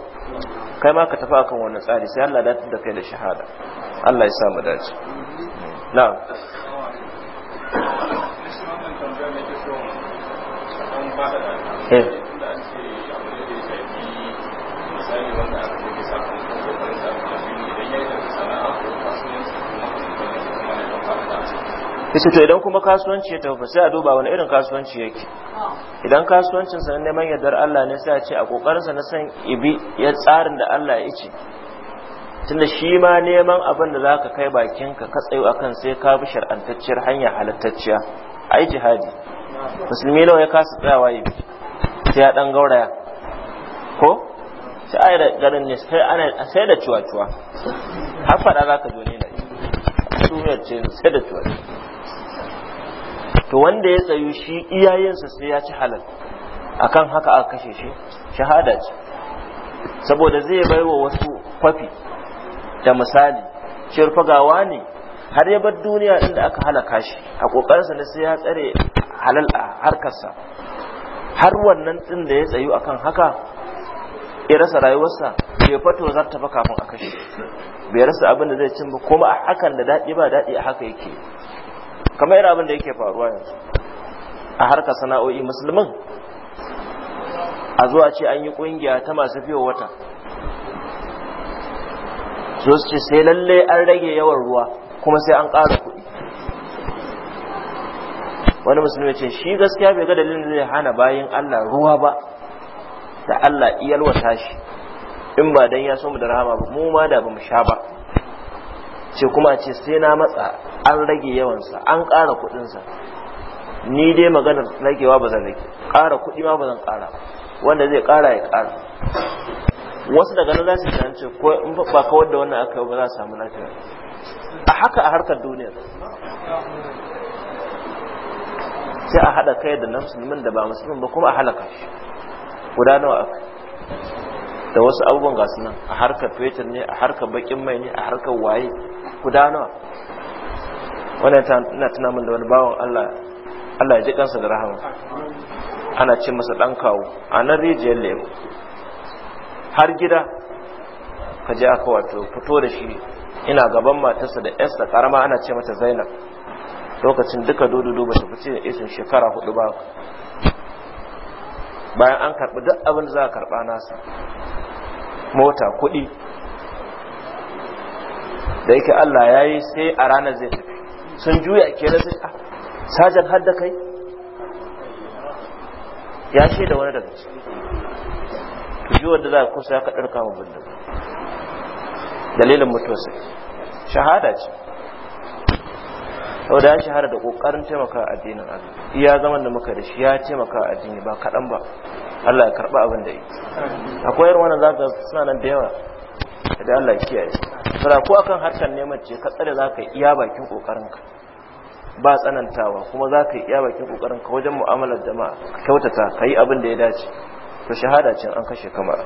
kai ma ka tafi akan wannan tsari sai Allah ya da kai da shahada Allah ya sa mu dace na'am eh yace to idan kuma kasuwanci ya tafi sai a duba wani irin kasuwanci yake idan kasuwancin sa neman yardar Allah ne sai a ce a kokarin sa na san ibi ya tsarin da Allah ya ce tunda shi ma neman abin da zaka kai bakin ka ka tsayo akan sai ka bi shar'antacciyar hanya halattacciya ai jihadi musulmi nawa ya kasa tsayawa yi sai ya dan gauraya ko sai ai da garin ne sai ana sai da ciwa-ciwa har fada zaka zo ne da su ne sai da ciwa-ciwa to wanda ya tsayu shi iyayensa sai ya ci halal akan haka aka kashe shi shahada ce saboda zai bai wa wasu kwafi da misali shirfagawa ne har ya bar duniya inda aka halaka shi a kokarinsa ne sai ya tsare halal a harkarsa har wannan din da ya tsayu akan haka ya rasa rayuwarsa bai fato zarta ba kafin a kashe bai rasa abin da zai cin ba kuma a hakan da daɗi ba daɗi a haka yake kamar yana abin da yake faruwa yanzu a harkar sana'o'i musulmin a zuwa ce an yi kungiya ta masu fiye wata zo su ce sai lalle an rage yawan ruwa kuma sai an ƙara kuɗi wani musulmi ce shi gaskiya bai ga dalilin zai hana bayan Allah ruwa ba da Allah iyalwa tashi. in ba dan ya so mu da rahama ba mu ma da mu sha ba ce kuma ce sai na matsa an rage yawansa an ƙara kuɗinsa ni dai maganar ragewa ba zan rage ƙara kuɗi ma ba zan ƙara wanda zai ƙara ya ƙara wasu daga nan za su san ce ko in ba kawar da wannan aka yi ba za su samu lafiya a haka a harkar duniyar sai a haɗa kai da na musulmin da ba musulmin ba kuma a halaka shi guda nawa aka da wasu abubuwan ga nan a harkar fetur ne a harkar bakin mai ne a harkar waye gudanawa wannan ta ina tuna min da wani bawan Allah Allah ya ji kansa da rahama ana ce masa dan kawo a nan rijiyar lemu har gida ka je aka wato fito da shi ina gaban matarsa da 'yasta karama ana ce mata Zainab lokacin duka dododo ba ta fice da isin shekara hudu ba bayan an karɓi duk abin da za a karɓa nasa mota kuɗi da yake Allah ya yi sai a ranar zai tafi sun juya ke na sai a ah, sajan har da kai ya ce da wani daga ciki ji da za a kusa ya ka ɗarka mu bindin dalilin sai. shahada ce da ya shahara da kokarin taimaka addinin Allah ya zama da muka da shi ya taimaka addini ba kaɗan ba Allah ya karɓi abin da yi akwai wani za ka suna nan da yawa da Allah ya kiyaye sura ko akan harkar neman ce ka tsare ka iya bakin kokarin ka ba tsanantawa kuma za ka iya bakin kokarin ka wajen mu'amalar jama'a ka kyautata ka yi abin da ya dace to shahada ce an kashe kamar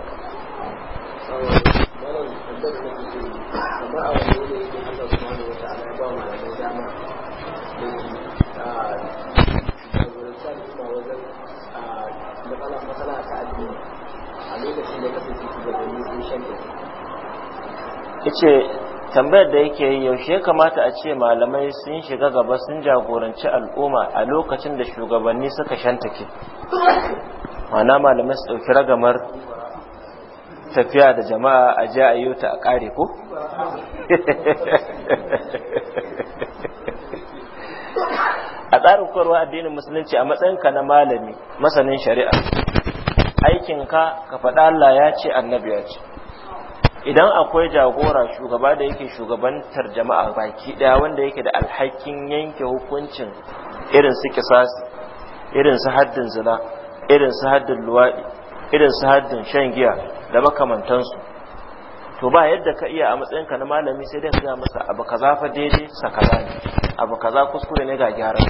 yace tambayar da yake yi yaushe ya kamata a ce malamai sun shiga gaba sun jagoranci al'umma a lokacin da shugabanni suka shantake mana malamai su ɗauki ragamar tafiya da jama'a a ji a ta a ƙare ko? a tsarin koyarwa addinin musulunci a ka na malami masanin shari'a aikinka ka faɗa Allah ya ce annabi ya ce idan akwai jagora shugaba da yake shugabantar jama'a baki daya wanda yake da alhakin yanke hukuncin irin su kisasi irin su haddin zina irin su haddin luwaɗi irin su haddin shan giya da makamantansu to ba yadda ka iya a matsayinka na malami sai dai ka masa abu kaza fa daidai sakaza ne abu kaza kuskure ne ga gyaran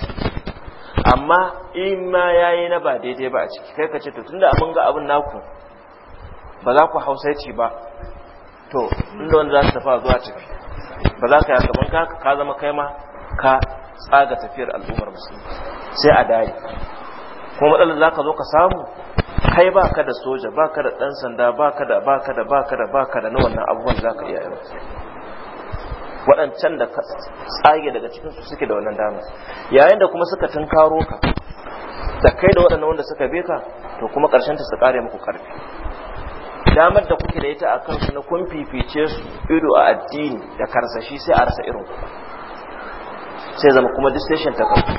amma in ma yayi na ba daidai ba a ciki kai ka ce to tunda abin ga abin naku ba za ku hausaici ba to inda wanda za su tafi zuwa tafi ba za ka yi gaban ka ka zama kai ma ka tsaga tafiyar al'ummar musulmi sai a dare kuma matsalar za ka zo ka samu kai ba ka da soja ba ka da ɗan sanda ba ka da ba ka da ba ka da ba ka da na wannan abubuwan za ka iya yi waɗancan da tsage daga cikinsu suke da wannan damar yayin da kuma suka tunkaro ka da kai da waɗannan wanda suka be ka to kuma ƙarshen ta su ƙare muku ƙarfi damar da kuke da ita a kansu na kun fifice su ido a addini da karsashi sai a rasa irin ku sai zama kuma distation ta kanku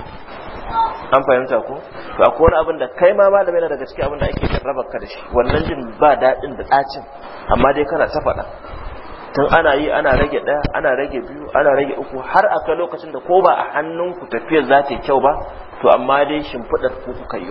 an fahimta ko to akwai wani abin da kai ma malami na daga cikin abin da ake raba ka da shi wannan jin ba daɗin da ɗacin amma dai kana ta faɗa tun ana yi ana rage ɗaya ana rage biyu ana rage uku har a kai lokacin da ko ba a hannunku tafiyar za ta yi kyau ba to amma dai shimfiɗar ku kuka yi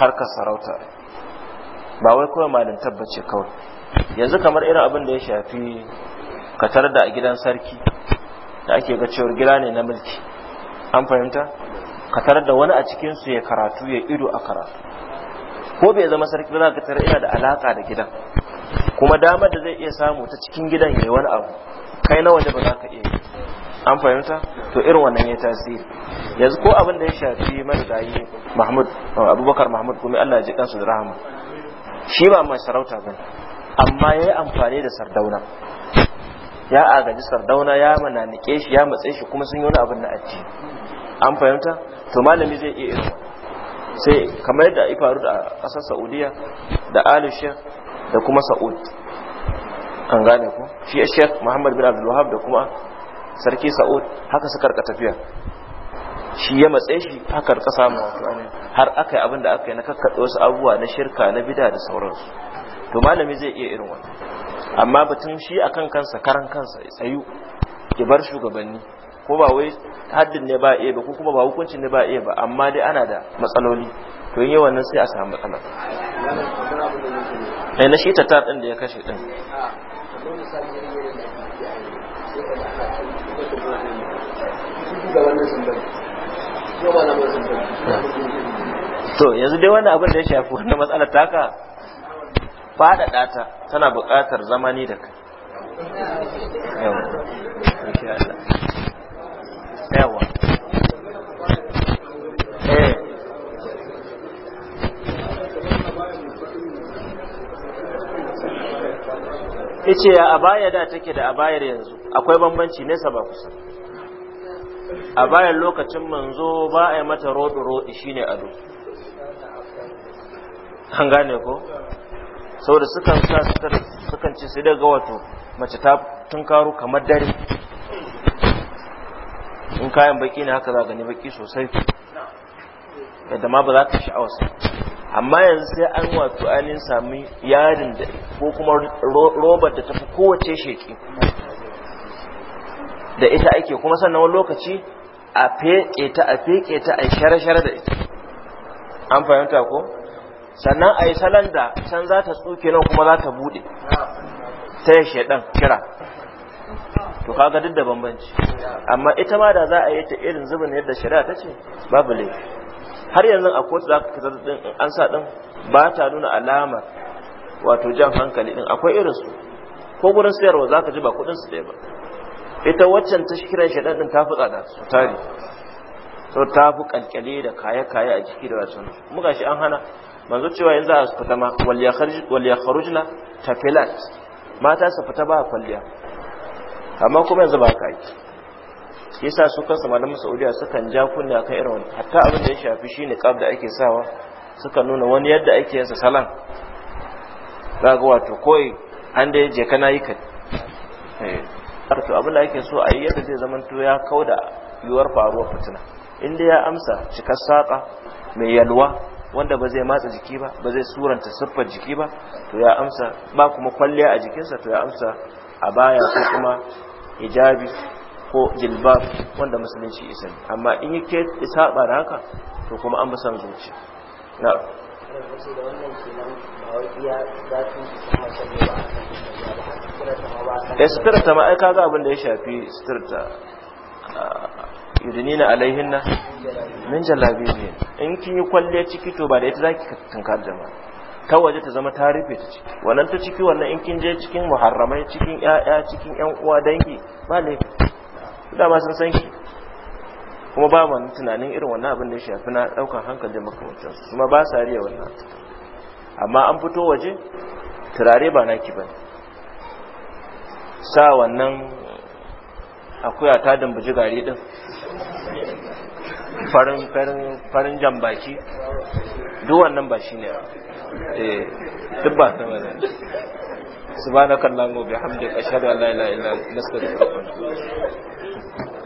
harkar sarauta ba wai kawai malin tabbace kawai yanzu kamar irin abin da ya shafi katar da a gidan sarki da ake ga cewar gida ne na mulki an fahimta katar da wani a cikinsu ya karatu ya ido a karatu ko bai zama sarki ba za ka tara ina da alaka da gidan kuma damar da zai iya samu ta cikin gidan ya wani abu kai na waje ba za ka iya yi an fahimta to irin wannan ya tasiri yanzu ko abin da ya shafi marigayi mahmud uh, abubakar mahmud kuma allah ji kansu da rahama shi ba mai sarauta ba amma ya yi amfani da sardauna ya agaji sardauna ya mananike shi ya matse shi kuma sun yi wani abin na aji. an fahimta to malami zai iya irin sai kamar yadda ya faru da ƙasar saudiya da alishiyar da kuma sa'ud an gane ku shi ya shek muhammad bin abdul wahab da kuma sarki sa'ud haka suka rika tafiya shi ya matse shi haka rika samu har aka yi abin aka yi na kakkaɗe wasu abubuwa na shirka na bida da sauransu to malami zai iya irin wannan amma batun shi a kan kansa karan kansa ya tsayu ya bar shugabanni ko ba wai haddin ne ba iya ba ko kuma ba hukuncin ne ba iya ba amma dai ana da matsaloli to yin wannan sai a samu matsala ai na shi din da ya kashe din to yanzu dai wannan abin da ya shafi wannan matsalar taka faɗaɗa ta tana buƙatar zamani da kai yawa ya eh. ce ya abaya da take da abayar yanzu akwai bambanci nesa ba kusa a bayan lokacin manzo ba a yi mata roɗi-roɗi shine ado an gane ko da sukan sa sukan ci sai daga wato mace ta tunkaru kamar dare in kayan baki ne haka za gani baki sosai yadda ma ba za ta sha'awarsa amma yanzu sai an wato ainihin sami yarin da ko kuma robar da tafi kowace sheki da ita ake kuma sannan wani lokaci a feƙe ta a feƙe ta a share-share da ita an fahimta ko sannan a yi salon da can za ta tsuke nan kuma za ta buɗe ta yi shaɗan kira to kaga duk da bambanci amma ita ma da za a yi ta irin zubin yadda shari'a ta ce babu laifi har yanzu a kotu za ka kasar in an sa ɗin ba ta nuna alamar wato jan hankali ɗin akwai irinsu ko gurin sayarwa za ka ji ba kuɗinsu ɗaya ba ita waccan ta shirya shaɗan ɗin ta fi tsada su tari so ta fi ƙalƙale da kaya kaya a jiki da rasun muka shi an hana manzo cewa yanzu a fita ma wal ya ta tafilat mata su fita ba a kwalliya amma kuma yanzu ba ka yi sa su kansu malaman saudiya kan ja kunya kan irin wani hatta abin da ya shafi shi ne da ake sawa su kan nuna wani yadda ake yansa salan za ga wato koyi an da ya je kana yi kai eh. to abin da ake so a yi yadda zai zama to ya da yiwuwar faruwar fitina inda ya amsa cikar saƙa mai yalwa wanda ba zai matsa jiki ba ba zai suranta siffar jiki ba to ya amsa ba kuma kwalliya a jikinsa to ya amsa a baya ko kuma hijabi ko jilbab wanda musulunci isa amma in yi yake ba da haka to kuma an bi son zuciya na'am ya ta ma eh, aika ga abin da ya shafi ah, na alaihin na min jalabi ne in kin yi kwalle ciki to ba da ita za ki tunkar ma ta waje ta zama ta rufe ta ciki wannan ta ciki wannan in kin je cikin muharramai cikin ya'ya cikin yan uwa dangi ba ne da ma sun san ki kuma ba mu tunanin irin wannan abin da ya shafi na daukan hankali da makamantar su kuma ba sa riya wannan amma an fito waje turare ba naki ba sa wannan akuya ta dambaji gari din farin farin farin jambaki duk wannan ba shine eh duk ba ta bane subhanakallahumma bihamdika ashhadu an la ilaha illa anta astaghfiruka wa atubu ilaik